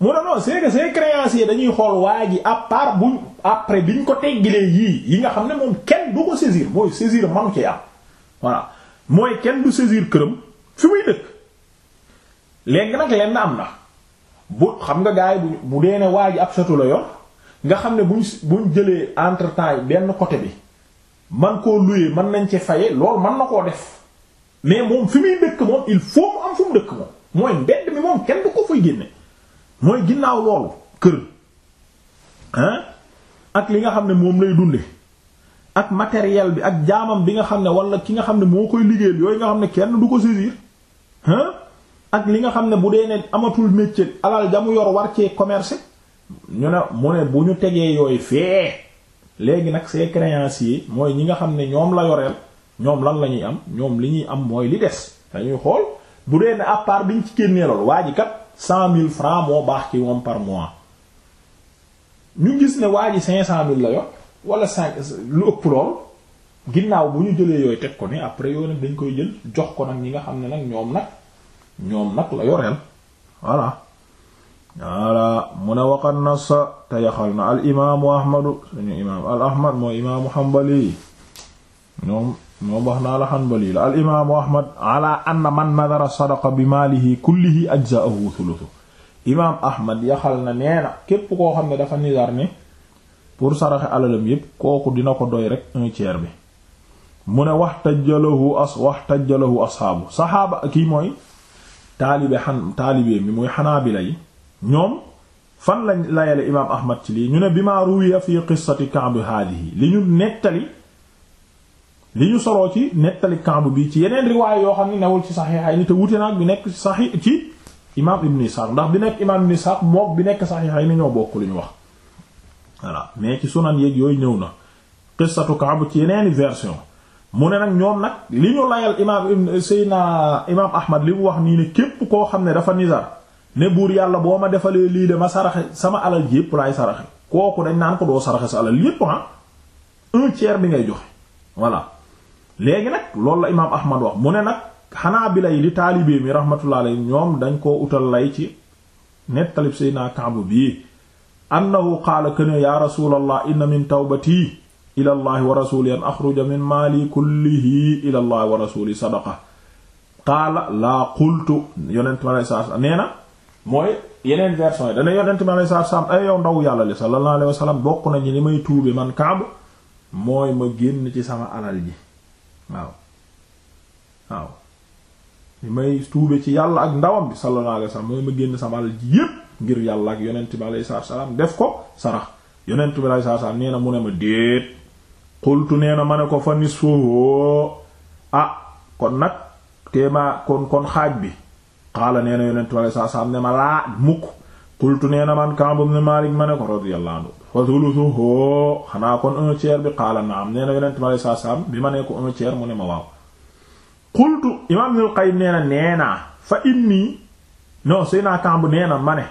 mu ne non c'est que ces créanciers dañuy xool waa ji à part buñ après biñ ko teggilee yii yi nga xam ne moom kenn du ko saisir mooy saisir manu ci am voilà mooy kenn du saisir këram fi muy dëkk léegi nag lenn am na bu xam nga gars bu bu dee ne waa ji ab château la yor nga xam ne buñ buñ jëlee entre temps benn côté bi man koo louer mën nañ ci faye loolu mën na koo def mais moom fi muy dëkk moom il faut mu am fu mu dëkk moom mooy mbedd mi moom kenn du ko fay génne. mooy ginnaaw loolu kër hein ak li nga xam ne moom lay dunde ak matériel bi ak jaamam bi nga xam ne wala ki nga xam ne moo koy liggéeyal yooyu nga xam ne kenn du ko saisir hein ak li nga xam ne bu dee ne amatul métier alal jamu yor war cee commerce ñu ne mu ne bu ñu tegee yooyu fee léegi nag ces créanciers mooy ñi nga xam ne ñoom la yoreel ñoom lan la ñuy am ñoom li ñuy am mooy li des dañuy xool bu dee ne à part biñ ci génnee lool waa ji kat cent mille francs moo baax ci moom par mois ñu gis ne waa ji cinq cent mille la yor wala cinq lu ëpp lool ginnaaw bu ñu jëlee yooyu teg ko ni après yooyu nag dañ koy jël jox ko nag ñi nga xam ne nag ñoom nag ñoom nag la yoreel voilà voilà mu ne waqat nassa te yaxal na al imaamu ahmadu suñu imaam al ahmad mooy imaamu hanbali ñoom moom wax naa la xanbali la al ahmad ala anna man nadara sadaqa bi maalihi kullihi ajzaahu thuluthu imaam ahmad yaxal na nee na képp koo xam ne dafa nidar ni pour saraxe alalam yépp kooku dina ko doy rek un tiers bi mu ne wax tajjalahu as wax tajjalahu mooy taalibe xan taalibe mi ñoom fan lañ layale imaam ahmad ci lii ñu ne bi ma ruwiya fi qissati ka'b haadihi li ñu nettali li ñu soloo ci nettali kamb bi ci yeneen riwaay yoo xam ne newul ci saxiixay ni te wute naag bi nekk ci saxi ci imam ibn Isaaq ndax bi nekk imam ibn Isaaq mook bi nekk saxiixay ni ñoo bokk lu ñu wax voilà mais ci sunan yéeg yooyu ñëw na qissatu kamb ci yeneeni version mu ne nag ñoom nag li ñu layal imaam ibn Seydina imaam Ahmad li mu wax nii ne képp koo xam ne dafa nizar ne buur yàlla boo ma defalee lii de ma saraxe sama alal ji yépp laay saraxe kooku dañ naan ko doo saraxe sa alal yépp ah bi ngay joxe léegi nag loolu la imaam Ahmad wax mu ne nag xanaa bi lay di taalibe mi rahmatullah ñoom dañ koo utal lay ci nettalib Seydina Kaabu bii annahu qaala kana ya rasulallah inna min tawbati ila allahi wa rasuli an axruja min maali kullihi ila allahi wa rasuli sadaqa qaala laa qultu yonent mi alayhi salaam nee na mooy yeneen version yi dana yonent mi alayhi salaam ay yow ndawu yàlla li sallallahu bokk nañu li may tuube man Kaabu mooy ma génn ci sama alal ji waaw waaw li may tuube ci yàlla ak ndawam bi sallallahu alayhi wasallam mooy ma génn sama alal yépp ngir yàlla ak yonent bi alayhi salaam def ko sarax yonent bi alayhi salaam nee na mu ne ma déet xultu nee na ma ne ko fa nisfuhu ah kon nag téemaa kon kon xaaj bi xaala nee na yonent bi alayhi salaam ne ma laa mukk xultu nee na man Ka'b ibn Malik ma ne ko radiyallahu anhu fa thuluthuhu xanaa kon un tiers bi qaala naam nee na yonent ma lay saa saam bi ma nee ko un tiers mu ne ma waaw qultu imaam Ibnul Qayyim nee na nee naa fa inni non sëy naa kamb nee na ma ne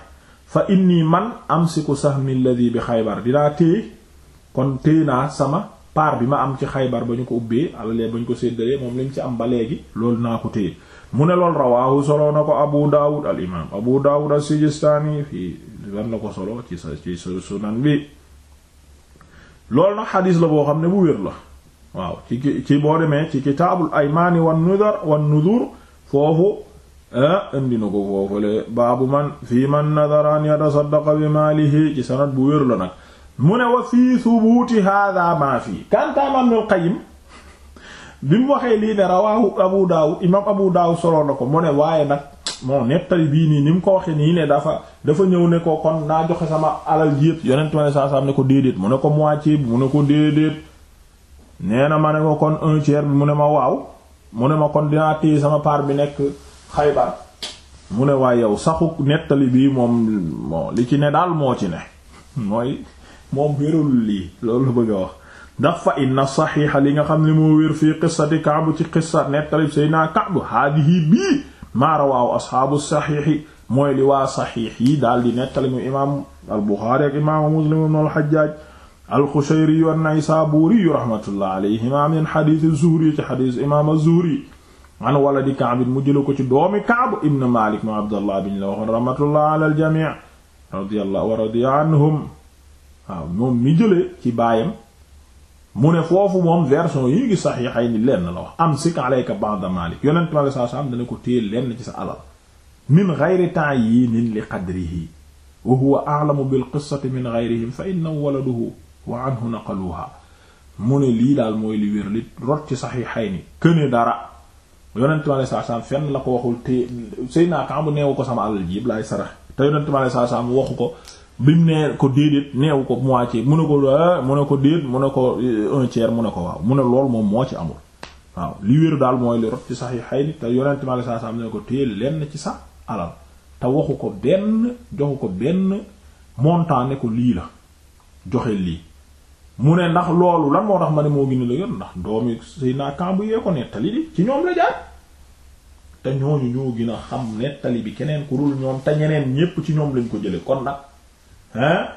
fa inni man amsiku sahmi alladhi bi xaybar dinaa téye kon téye naa sama part bi ma am ci xaybar ba ñu ko ubbee alalee ba ñu ko séddalee moom lañ ci am ba léegi loolu naa ko téye mu ne lool rawaahu solo na ko Abu Dawud al imaam Abu Dawud as-Sijistani war na ko solo ci sa sa bi loolu nag xadis la boo xam ne bu wér la waaw ci ci boo demee ci kitaabul aymaani wan nudur foofu ah, indi na ko foofule baabu man fii man nadara an yatasaddaqa bi maalihi ci sanad bu wér la nag mu ne wa fii subuuti hada maa fii kantaam Ibnul Qayyim bi mu waxee lii ne rawaahu abu daawud imaam abu daawud solo na ko mu ne waaye nag moom nettali bii nii ni mu ko waxee nii ne dafa dafa ñëw ne ko kon naa joxe sama alal ji yëpp yonent ma ne saa saa ne ko déedéet mu ne ko moitié bi mu ne ko déedéet nee na ma ne ko kon un bi mu ne ma waaw mu ne ma kon dinaa téye sama part bi nekk Xaybar mu ne waaye yow saxu nettali bii moom li ci ne daal moo ci ne mooy moom wérul lii loolu la bëgg a wax ndax fa inna saxiixa li nga xam ne moo wér fii qissati Ka'b ci qissa nettali Seydina Ka'b haadihi bii maa rawaahu asxaabu saxiixi mooy li waa saxiix yi daal di nettali mu imaam al-Buxaari ak imaamu Muslim ibn al-Hajjaaj al-Qushayri an-Naysaabuuri rahmatullah alayhimaa min xadiisi Zuhri ci xadiis imaam Zuhri an waladi Kaab mu jëla ko ci doomi Kaab ibn Maalik mu Abdallah biñ la waxoon rahmatullah ala al-jamii' radiyallahu wa radiya anhum waaw moom mi jëlee ci baayam mu ne foofu moom version yi ngi saxiixayni lenn la wax amsik alayka ba'da malik yonent mi sallallahu alayhi wasallam dana ko téye lenn ci sa alal min ghayri ta'yin li qadrihi wa huwa a'lamu bil qissati min ghayrihim fa innahu waladuhu wa anhu naqaluha mu ne lii daal mooy li wér li rot ci saxiixayni këne dara yonent mi sallallahu alayhi wasallam fenn la ko waxul téye sëy naa kaamu neewu ko sama alal ji yëpp laay sarax te yonent mi sallallahu alayhi ko bi mu nee ko déedéet neewu ko moitié mu ne ko ah, mu ne ko déet mu ne ko euh, un tiers mu ne ko waaw mu ne lool moom moo ci amul waaw li wéru daal mooy li rot ci sax yi xay ni te yonent mi alayhi salaam ne ko téel lenn ci sax alal te waxu ko benn joxu ko benn montant ne ko lii la joxe lii mu ne ndax loolu lan moo tax ma ne moo gën a la yoon ndax doomi say naa kamb yee ko nettali di ci ñoom la jaar te ñooñu ñoo gën a xam nettali bi keneen ku dul ñoom te ñeneen ñépp ci ñoom lañ ko jële kon nag hein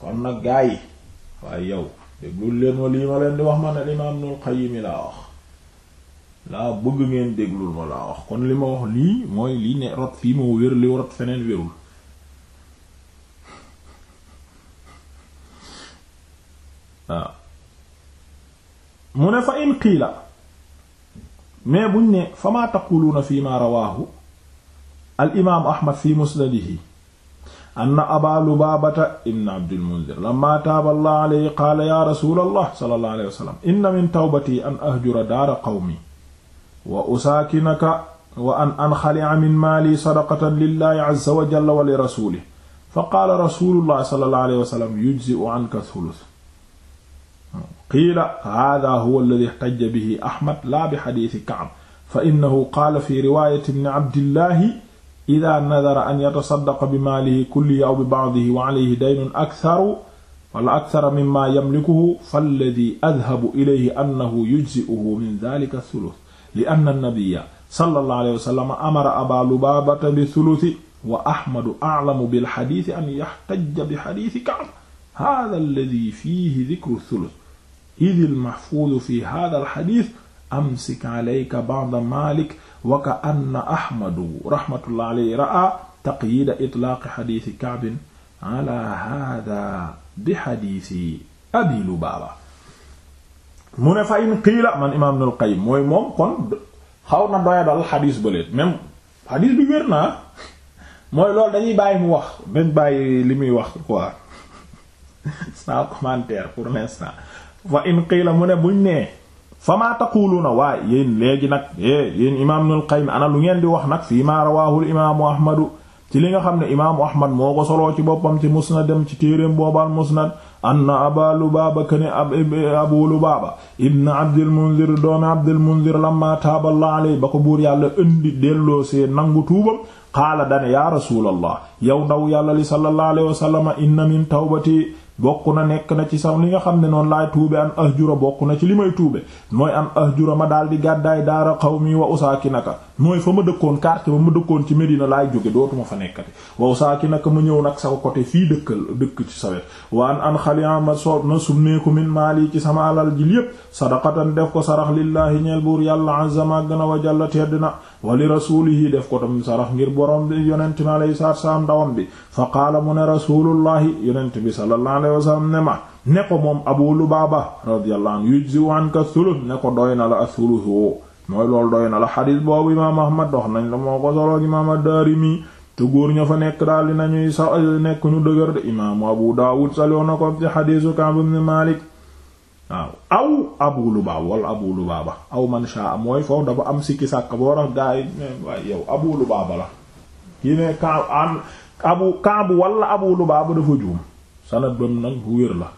kon nag gaa yi waaye yow déglul leen ma lii ma leen di wax man al imaam Ibnul Qayyim laa wax laa bëgg ngeen déglul ma laa wax kon li ma wax lii mooy lii ne rot fii moo wér li rot feneen wérul ah. mu ne fa in qiila mais buñ ne fa maa taquluuna fi ma rawaahu al Ahmad fi musnadihi anna aba lubaabata ibn abdul munzir lamma taaba allah alayhi qaala ya rasul allah sallallahu alayhi wa sallam inna min tawbati an ahjura daara qawmi wa usaakinaka wa an anxali'a min maali sadaqatan lillahi azza wa jalla wa li rasulih fa qaala rasulullah sallallahu alayhi wa sallam yujzi'u anka thuluth qiila haaza huwa alladhi ihtajja bihi ahmad laa bi hadiisi ka'b fa innahu qaala fi riwaayati ibn abdillahi ida nadara an yatasaddaqa bi maalihi kulli aw bi ba'dihi wa alayhi daynun aktharu wala akthara mimma yamlikuhu falladi adhabu ilayhi annahu yujzi'uhu min dhalika thuluth li anna an-nabiyya sallallahu alayhi wa sallam amara aba lubaabata bi thuluthi wa ahmadu a'lamu bil hadithi an yahtajja bi hadithi ka'b hadha alladhi fihi dhikru thuluth idh al-mahfudh fi hadha al-hadith amsik alayka ba'da malik wa ka anna ahmadu rahmatullah alayhi ra'a taqyiida itlaaqi xadiisi kaabin ala hada bi xadiisi abi lubaaba mu ne fa in qiila man imaam Ibnul Qayyim mooy moom kon xaw na doya dal xadiis baleet même xadiis bi wér naa mooy loolu dañuy bàyyi mu wax dañ bàyyi li muy wax quoi sans commentaire pour l'instant fa in qiila mu ne buñ nee fama taquluuna waaye yéen léegi nag é eh, yéen imaam Ibnul Qayyim ana lu ngeen di wax nag fii maa rawaahul imaamu ahmadu ci li nga xam ne imaamu ahmad moo ko soloo ci boppam ci musnadam ci téeréem boobaan musnad anna aba lubaaba kane eh, eh, abu lubaaba ibn abdil munzir doomi abdil munzir lamma taaballah aley ba ko buur yàlla indi delloo see nangu tuubam qaala dane yaa rasuulallah yow ndaw yàlla li sallallahu alayhi wa sallam inna min tawbati bokk na nekk na ci sax li nga xam ne noonu laay tuube an ahjura bokk na ci li may tuube mooy an ahjura ma daal di gàddaay daara qawmi wa usaakinaka mooy fa ma dëkkoon quartier ba ma dëkkoon ci Medina laay jóge dootuma fa nekkati wow saa ki naka ma ñëw nag sa côté fii dëkk dëkk ci sawet waan an xalia ma so na summeeku min maali ci sama alal ji yépp sadaqatan def ko sarax lillaahi ñeel buur yàlla azza magna wa jalla tedd na wa li rasulihi def ko tam sarax ngir borom bi yonente mi alayhi salaatu salaam ndawam bi fa qaala mu ne rasulullahi yonente bi sallallahu alayhi wa sallam ne ma ne ko moom abu lubaaba radiyallahu anhu yujzi anka thuluth ne ko doy na la a thuluth mooy loolu doy na la xadis boobu imaam ahmad dox nañ la moo ko soloog imaam ad-Daarimi te góor ña fa nekk daal dinañuy sa nekk ñu dëgër de imaamu Abu Daawud saloo na ko ci xadiisu Kaab ibn Maalik waaw Abu Lubaaba wala Abu mooy foofu dafa am sikki sàkk boo Abu Lubaaba la kii ne Kaab am Abu Kaab wala dafa juum sanad bam nag bu wér la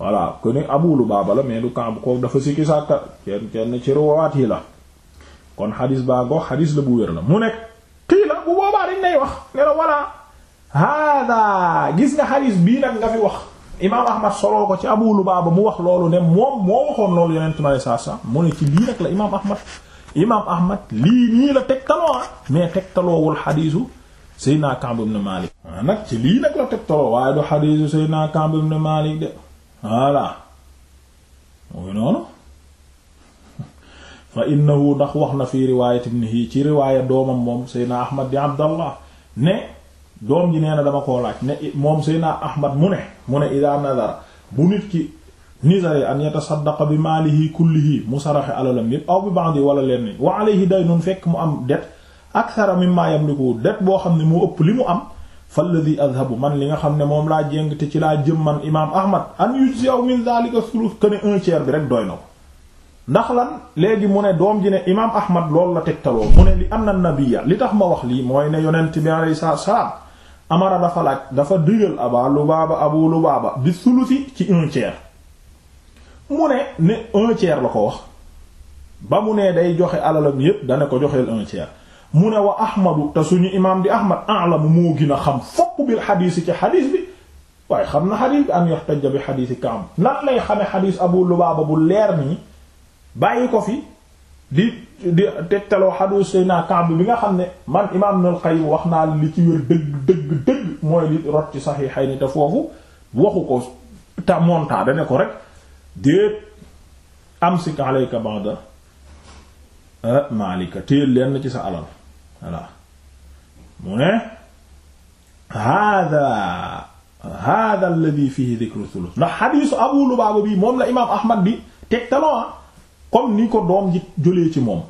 voilà kon Abu Lubaaba la mais du Kaab kooku dafa sikki sàkk kenn kenn ci riwaat yi la kon xadis baa gox xadis la bu wér la mu nekk xii la bu boobaa dañ lay wax ne la walla hada gis nga xadis bii nag nga fi wax imaam ahmad soloo ko ci abu lubaaba mu wax loolu ne moom moo waxoon loolu yonent mi aleye sat selaam mu ne ci lii nag la imaam ahmad imaam ahmad lii nii la tegtaloo ah mais tegtaloowul xadiisu seydina Ka'b ibn Malik wa ah, nag ci lii nag la tegtaloo waaye du xadiisu seydina Ka'b ibn Malik de voilà mooy fa innahu ndax wax na fi riwaayat ibnihi ci riwaaya doomam moom seydna ahmad di abdallah ne doom ji nee na dama koo laaj ne moom seydna ahmad mu ne mu ne ida nadara bu nit ki nisare an yatasaddaqa bi maalihi kullihi mu saraxe alalam yépp aw bi ba'di wala leen wa alayhi daynun fekk mu am det akthara mimma yamliku det boo xam ne moo ëpp li mu am falladi adhabu man li nga xam ne moom laa jéng te ci laa jëm man imaam ahmad an yujzi'u min dhalika thuluth kene un bi rek doy na ndax lan léegi mu ne doom ji ne imaam ahmad lool la tegtaloo mu ne li am na nabiya li tax ma wax lii mooy ne yonent bi alayhi salaam amara dafa laaj dafa digal aba lubaaba abu lubaaba bi sulusi ci un tiers mu ne ne un tiers la ko wax ba mu ne day joxe alalam yépp dana ko joxeel un tiers mu ne wa ahmadu te suñu imaam di ahmad a'lamu moo gën a xam fopp bil xadiisi ci xadiis bi waaye xam na xadiis bi an yuhtajja bi xadiisi kaam nan lay xame xadiis abu lubaaba bu leer nii bàyyi ko fi di di tegtaloo xadu sayna Ka'b bi nga xam ne man imaam Ibnul Qayyim wax naa li ci wér dëgg dëgg dëgg mooy li rot ci Sahihayni te foofu waxu ko ta monta dane ko rek déet amsik ci sa alal voilà mu ne hada hada alladhi fihi dhikru thuluth ndax xadiisu Abu Lubaaba bi moom la imaam Ahmad bi tegtaloo comme ni ko doom ji jëlee ci moom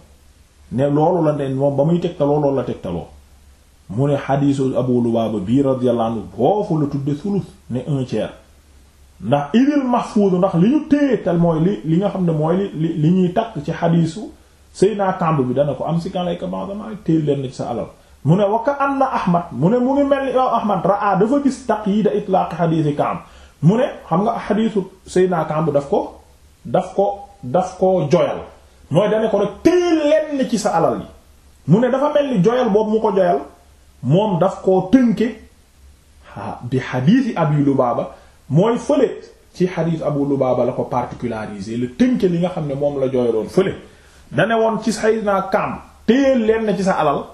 ne loolu la ne moom ba muy tegtaloo loolu la tegtaloo mu ne xadiisu Abu Lubaaba bii radiyallahu anhu foofu la tudde sulus ne un tiers ndax idil mahfuuz ndax li ñu téyetal mooy li li nga xam ne mooy li li ñuy takk ci xadiisu Seydina Kamb bi dana ko am si kan layka bandama téye leen sa alal mu ne wakka am na Ahmad mu ne mu ngi mel ni imaam Ahmad raa dafa gis taq yi da itlaaq xadiisi kaam mu ne xam nga xadiisu Seydina Kamb daf ko daf ko daf ko joyal mooy dane ko rek téye lenn ci sa alal yi mu ne dafa mel ni joyal boobu mu ko joyal moom daf koo tënke bi xadiisi lu Lubaaba mooy fële ci xadiis Abu baaba la ko particularisé le tënke li nga xam ne moom la jooyaloon fële dane woon ci Sayyidina Kaab téye lenn ci sa alal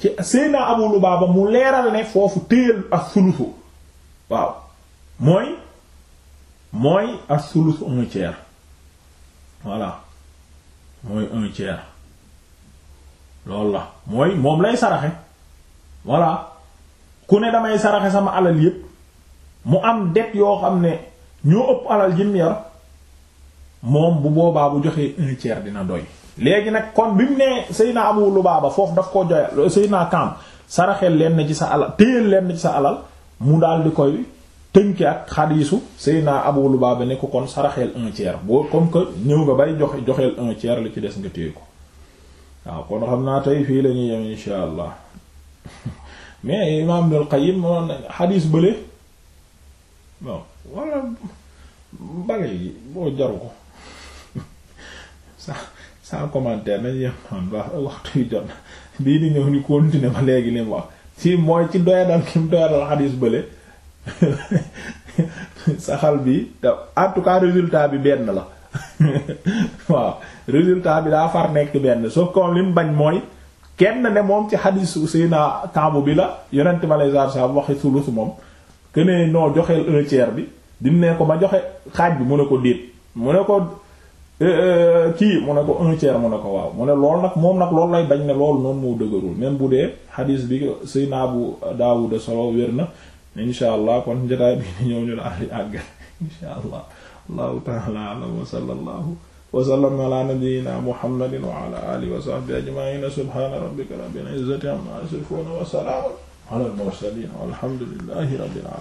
ci Sayyidina Abu Lubaaba mu leeral ne foofu téyel ak sulusu waaw mooy mooy ak sulusu un tiers voilà mooy un tiers loolu la mooy moom lay saraxe voilà ku ne damay saraxe sama alal yépp mu am det yoo xam ne ñoo ëpp alal jim yor moom bu boobaa bu joxee un dina doy léegi nag kon bi mu nee Seydina Abu Lubaaba foofu daf ko joyal naa Kaam saraxeel leen na ci sa alal téyeel leen na ci sa alal mu daal di koy tënke ak xadiisu Seydina Abu Lubaaba ne ko kon saraxeel un tiers boo comme que ñëw nga bay joxe joxeel un tiers li ci des nga téye ko waaw kon xam naa tey fii la ñuy yem insha allah mais Imaam Ibnul Qayyim moom xadiis bële bon wala bale léegi li mooy ci doyadal ki mu doyadal xadiis bële saxal bi te en tout cas résultat bi benn la waaw résultat bi daa far nekk benn so comme li mu bañ mooy kenn ne moom ci xadisu Seydina Kaabu bi la yonent ma lay sa waxi sulus moom que noo joxeel un bi dim ne ko ma joxe xaaj bi mu ne ko déet mu ne ko euh, euh, kii mu ne ko un mu ne ko waaw mu ne loolu nag moom nag loolu lay bañ ne loolu noonu moo dëgërul même bu dee xadis bi Seydina Abu Daawud solo wér na insha allah kon jotaay bi ni ñëw ñu la ali àggal insha allah allahu taala alam wa sallallahu wa sallam ala nabiyyina muhammadin wa ala alihi wa sahbihi ajma'in subhana rabbika rabbil izzati amma yasifun wa salamun ala al mursalin walhamdulillahi rabbil alamin